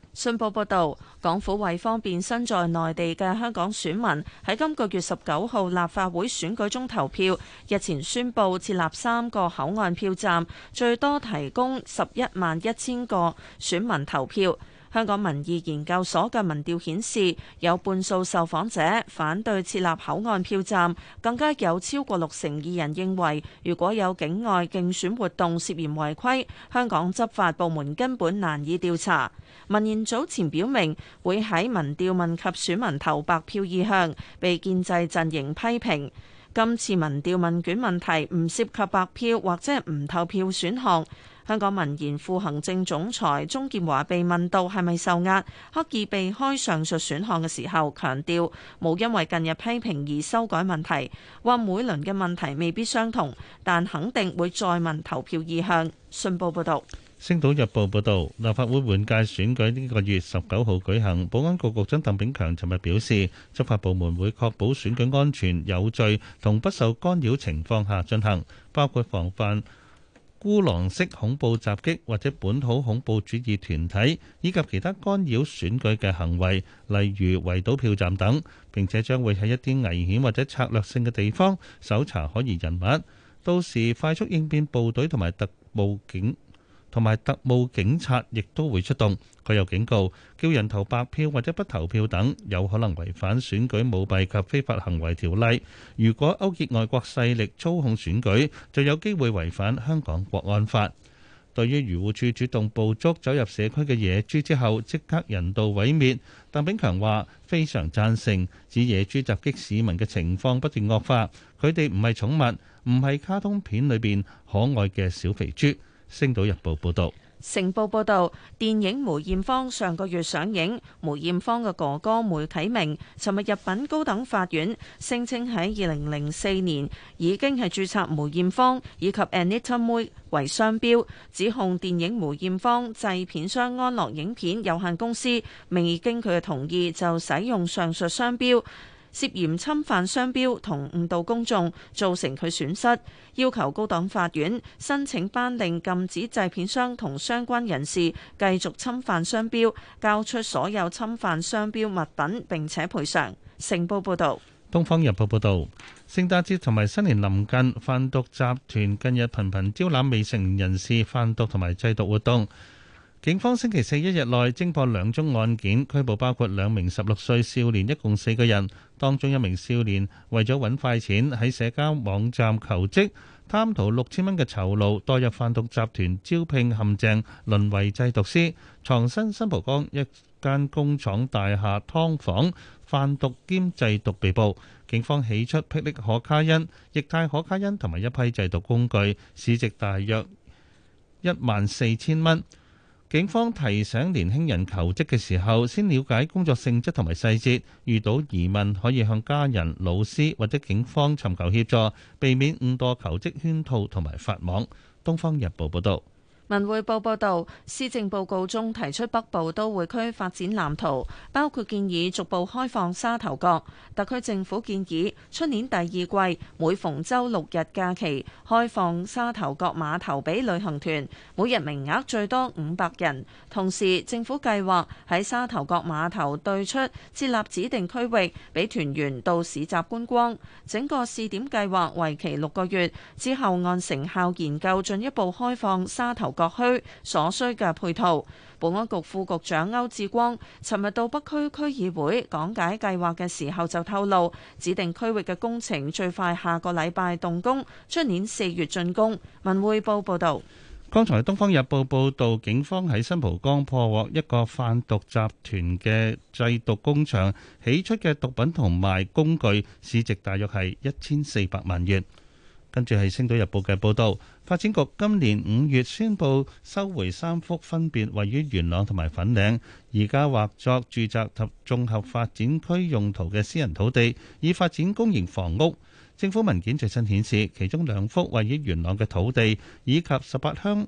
信報報導，港府為方便身在內地嘅香港選民喺今個月十九號立法會選舉中投票，日前宣布設立三個口岸票站，最多提供十一萬一千個選民投票。香港民意研究所嘅民調顯示，有半數受訪者反對設立口岸票站，更加有超過六成二人認為，如果有境外競選活動涉嫌違規，香港執法部門根本難以調查。民研早前表明會喺民調問及選民投白票意向，被建制陣營批評。今次民調問卷問題唔涉及白票或者唔投票選項。香港民研副行政總裁鍾健華被問到係咪受壓刻意避開上述選項嘅時候，強調冇因為近日批評而修改問題，話每輪嘅問題未必相同，但肯定會再問投票意向。信報報道。
《星島日報》報道，立法會換屆選舉呢個月十九號舉行。保安局局長鄧炳強尋日表示，執法部門會確保選舉安全、有序同不受干擾情況下進行，包括防範孤狼式恐怖襲擊或者本土恐怖主義團體以及其他干擾選舉嘅行為，例如圍堵票站等，並且將會喺一啲危險或者策略性嘅地方搜查可疑人物。到時快速應變部隊同埋特務警。同埋特務警察亦都會出動。佢又警告，叫人投白票或者不投票等，有可能違反選舉舞弊及非法行為條例。如果勾結外國勢力操控選舉，就有機會違反香港國安法。對於漁護署主動捕捉走入社區嘅野豬之後，即刻人道毀滅，鄧炳強話非常贊成。指野豬襲擊市民嘅情況不斷惡化，佢哋唔係寵物，唔係卡通片裏邊可愛嘅小肥豬。星島日報報道，
成報報道，電影梅艷芳上個月上映，梅艷芳嘅哥哥梅啟明尋日入禀高等法院，聲稱喺二零零四年已經係註冊梅艷芳以及 Anita 妹為商標，指控電影梅艷芳製片商安樂影片有限公司未經佢嘅同意就使用上述商標。涉嫌侵犯商標同誤導公眾，造成佢損失，要求高等法院申請頒令禁止製片商同相關人士繼續侵犯商標，交出所有侵犯商標物品並且賠償。《星報》報道，
《東方日報》報道，聖誕節同埋新年臨近，販毒集團近日頻頻招攬未成人士販毒同埋製毒活動。警方星期四一日內偵破兩宗案件，拘捕包括兩名十六歲少年，一共四個人。當中一名少年為咗揾快錢喺社交網站求職，貪圖六千蚊嘅酬勞，代入販毒集團招聘陷阱，淪為製毒師。藏身新蒲崗一間工廠大廈劏房，販毒兼製毒被捕，警方起出霹靂可卡因、液態可卡因同埋一批製毒工具，市值大約一萬四千蚊。警方提醒年輕人求職嘅時候，先了解工作性質同埋細節，遇到疑問可以向家人、老師或者警方尋求協助，避免誤墮求職圈套同埋法網。《東方日報》報道。
文匯報報道，施政報告中提出北部都會區發展藍圖，包括建議逐步開放沙頭角。特區政府建議，出年第二季每逢周六日假期開放沙頭角碼頭俾旅行團，每日名額最多五百人。同時，政府計劃喺沙頭角碼頭對出設立指定區域，俾團員到市集觀光。整個試點計劃為期六個月，之後按成效研究進一步開放沙頭角。各區所需嘅配套，保安局副局長歐志光尋日到北區區議會講解計劃嘅時候就透露，指定區域嘅工程最快下個禮拜動工，出年四月竣工。文匯報報道，
剛才《東方日報》報道，警方喺新蒲崗破獲一個販毒集團嘅製毒工場，起出嘅毒品同埋工具市值大約係一千四百萬元。跟住係《星島日報》嘅報導，發展局今年五月宣布收回三幅分別位於元朗同埋粉嶺，而家劃作住宅及綜合發展區用途嘅私人土地，以發展公營房屋。政府文件最新顯示，其中兩幅位於元朗嘅土地，以及十八鄉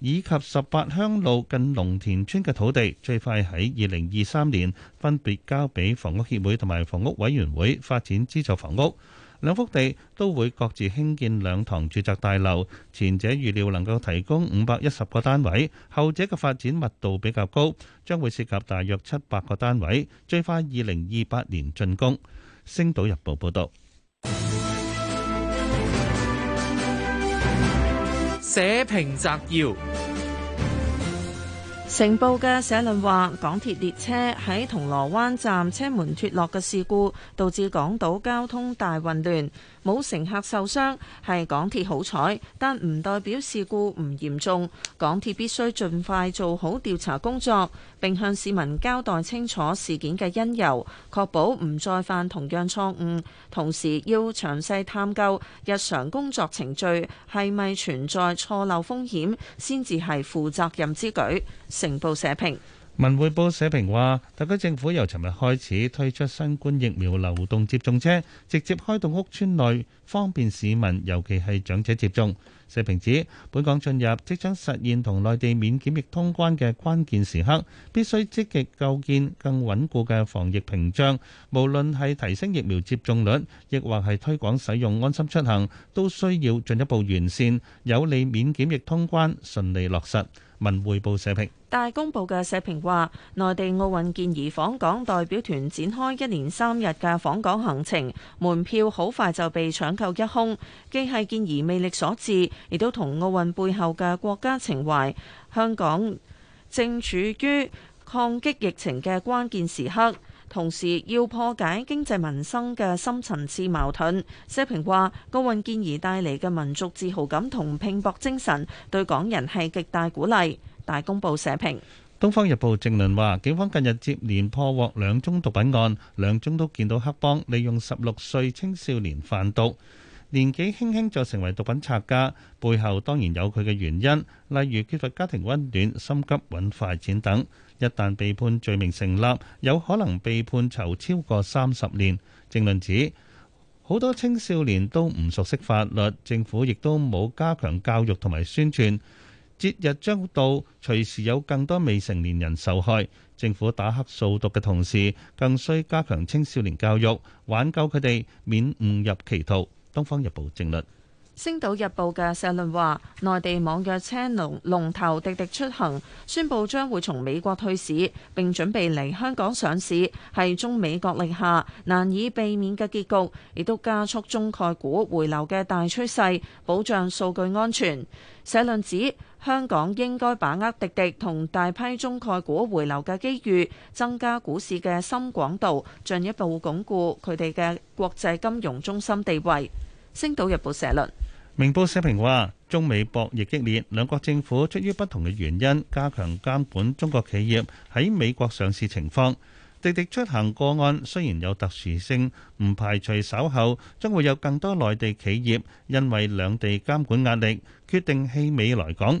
以及十八鄉路近龍田村嘅土地，最快喺二零二三年分別交俾房屋協會同埋房屋委員會發展資助房屋。兩幅地都會各自興建兩幢住宅大樓，前者預料能夠提供五百一十個單位，後者嘅發展密度比較高，將會涉及大約七百個單位，最快二零二八年竣工。《星島日報》報道。社評摘要。
成報嘅社論話，港鐵列車喺銅鑼灣站車門脱落嘅事故，導致港島交通大混亂。冇乘客受傷係港鐵好彩，但唔代表事故唔嚴重。港鐵必須盡快做好調查工作，並向市民交代清楚事件嘅因由，確保唔再犯同樣錯誤。同時要詳細探究日常工作程序係咪存在錯漏風險，先至係負責任之舉。成報社評。
文匯報社評話，特區政府由尋日開始推出新冠疫苗流動接種車，直接開到屋邨內，方便市民，尤其係長者接種。社評指，本港進入即將實現同內地免檢疫通關嘅關鍵時刻，必須積極構建更穩固嘅防疫屏障。無論係提升疫苗接種率，亦或係推廣使用安心出行，都需要進一步完善，有利免檢疫通關順利落實。文匯報社評，
大公報嘅社評話，內地奧運健兒訪港代表團展開一連三日嘅訪港行程，門票好快就被搶購一空，既係健兒魅力所致，亦都同奧運背後嘅國家情懷。香港正處於抗擊疫情嘅關鍵時刻。同時要破解經濟民生嘅深層次矛盾，社評話：奧運健兒帶嚟嘅民族自豪感同拼搏精神，對港人係極大鼓勵。大公報社評，
《東方日報》正論話，警方近日接連破獲兩宗毒品案，兩宗都見到黑幫利用十六歲青少年販毒，年紀輕輕就成為毒品拆家，背後當然有佢嘅原因，例如缺乏家庭溫暖、心急揾快錢等。一旦被判罪名成立，有可能被判囚超過三十年。政論指好多青少年都唔熟悉法律，政府亦都冇加強教育同埋宣傳。節日將到，隨時有更多未成年人受害。政府打黑掃毒嘅同時，更需加強青少年教育，挽救佢哋免誤入歧途。《東方日報》政論。
《星島日報》嘅社論話，內地網約車龍龍頭滴滴出行宣布將會從美國退市，並準備嚟香港上市，係中美角力下難以避免嘅結局，亦都加速中概股回流嘅大趨勢，保障數據安全。社論指香港應該把握滴滴同大批中概股回流嘅機遇，增加股市嘅深廣度，進一步鞏固佢哋嘅國際金融中心地位。《星島日報》社論。
明報社評話：中美博弈激烈，兩國政府出於不同嘅原因，加強監管中國企業喺美國上市情況。滴滴出行個案雖然有特殊性，唔排除稍後將會有更多內地企業因為兩地監管壓力，決定棄美來港。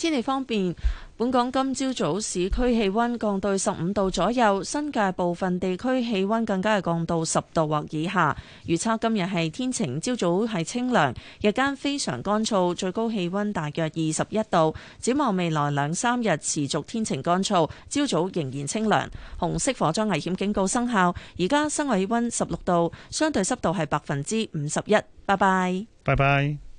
天氣方面，本港今朝早市區氣溫降到十五度左右，新界部分地區氣溫更加係降到十度或以下。預測今日係天晴，朝早係清涼，日間非常乾燥，最高氣溫大約二十一度。展望未來兩三日持續天晴乾燥，朝早仍然清涼。紅色火災危險警告生效，而家室外氣溫十六度，相對濕度係百分
之五十一。拜拜，
拜拜。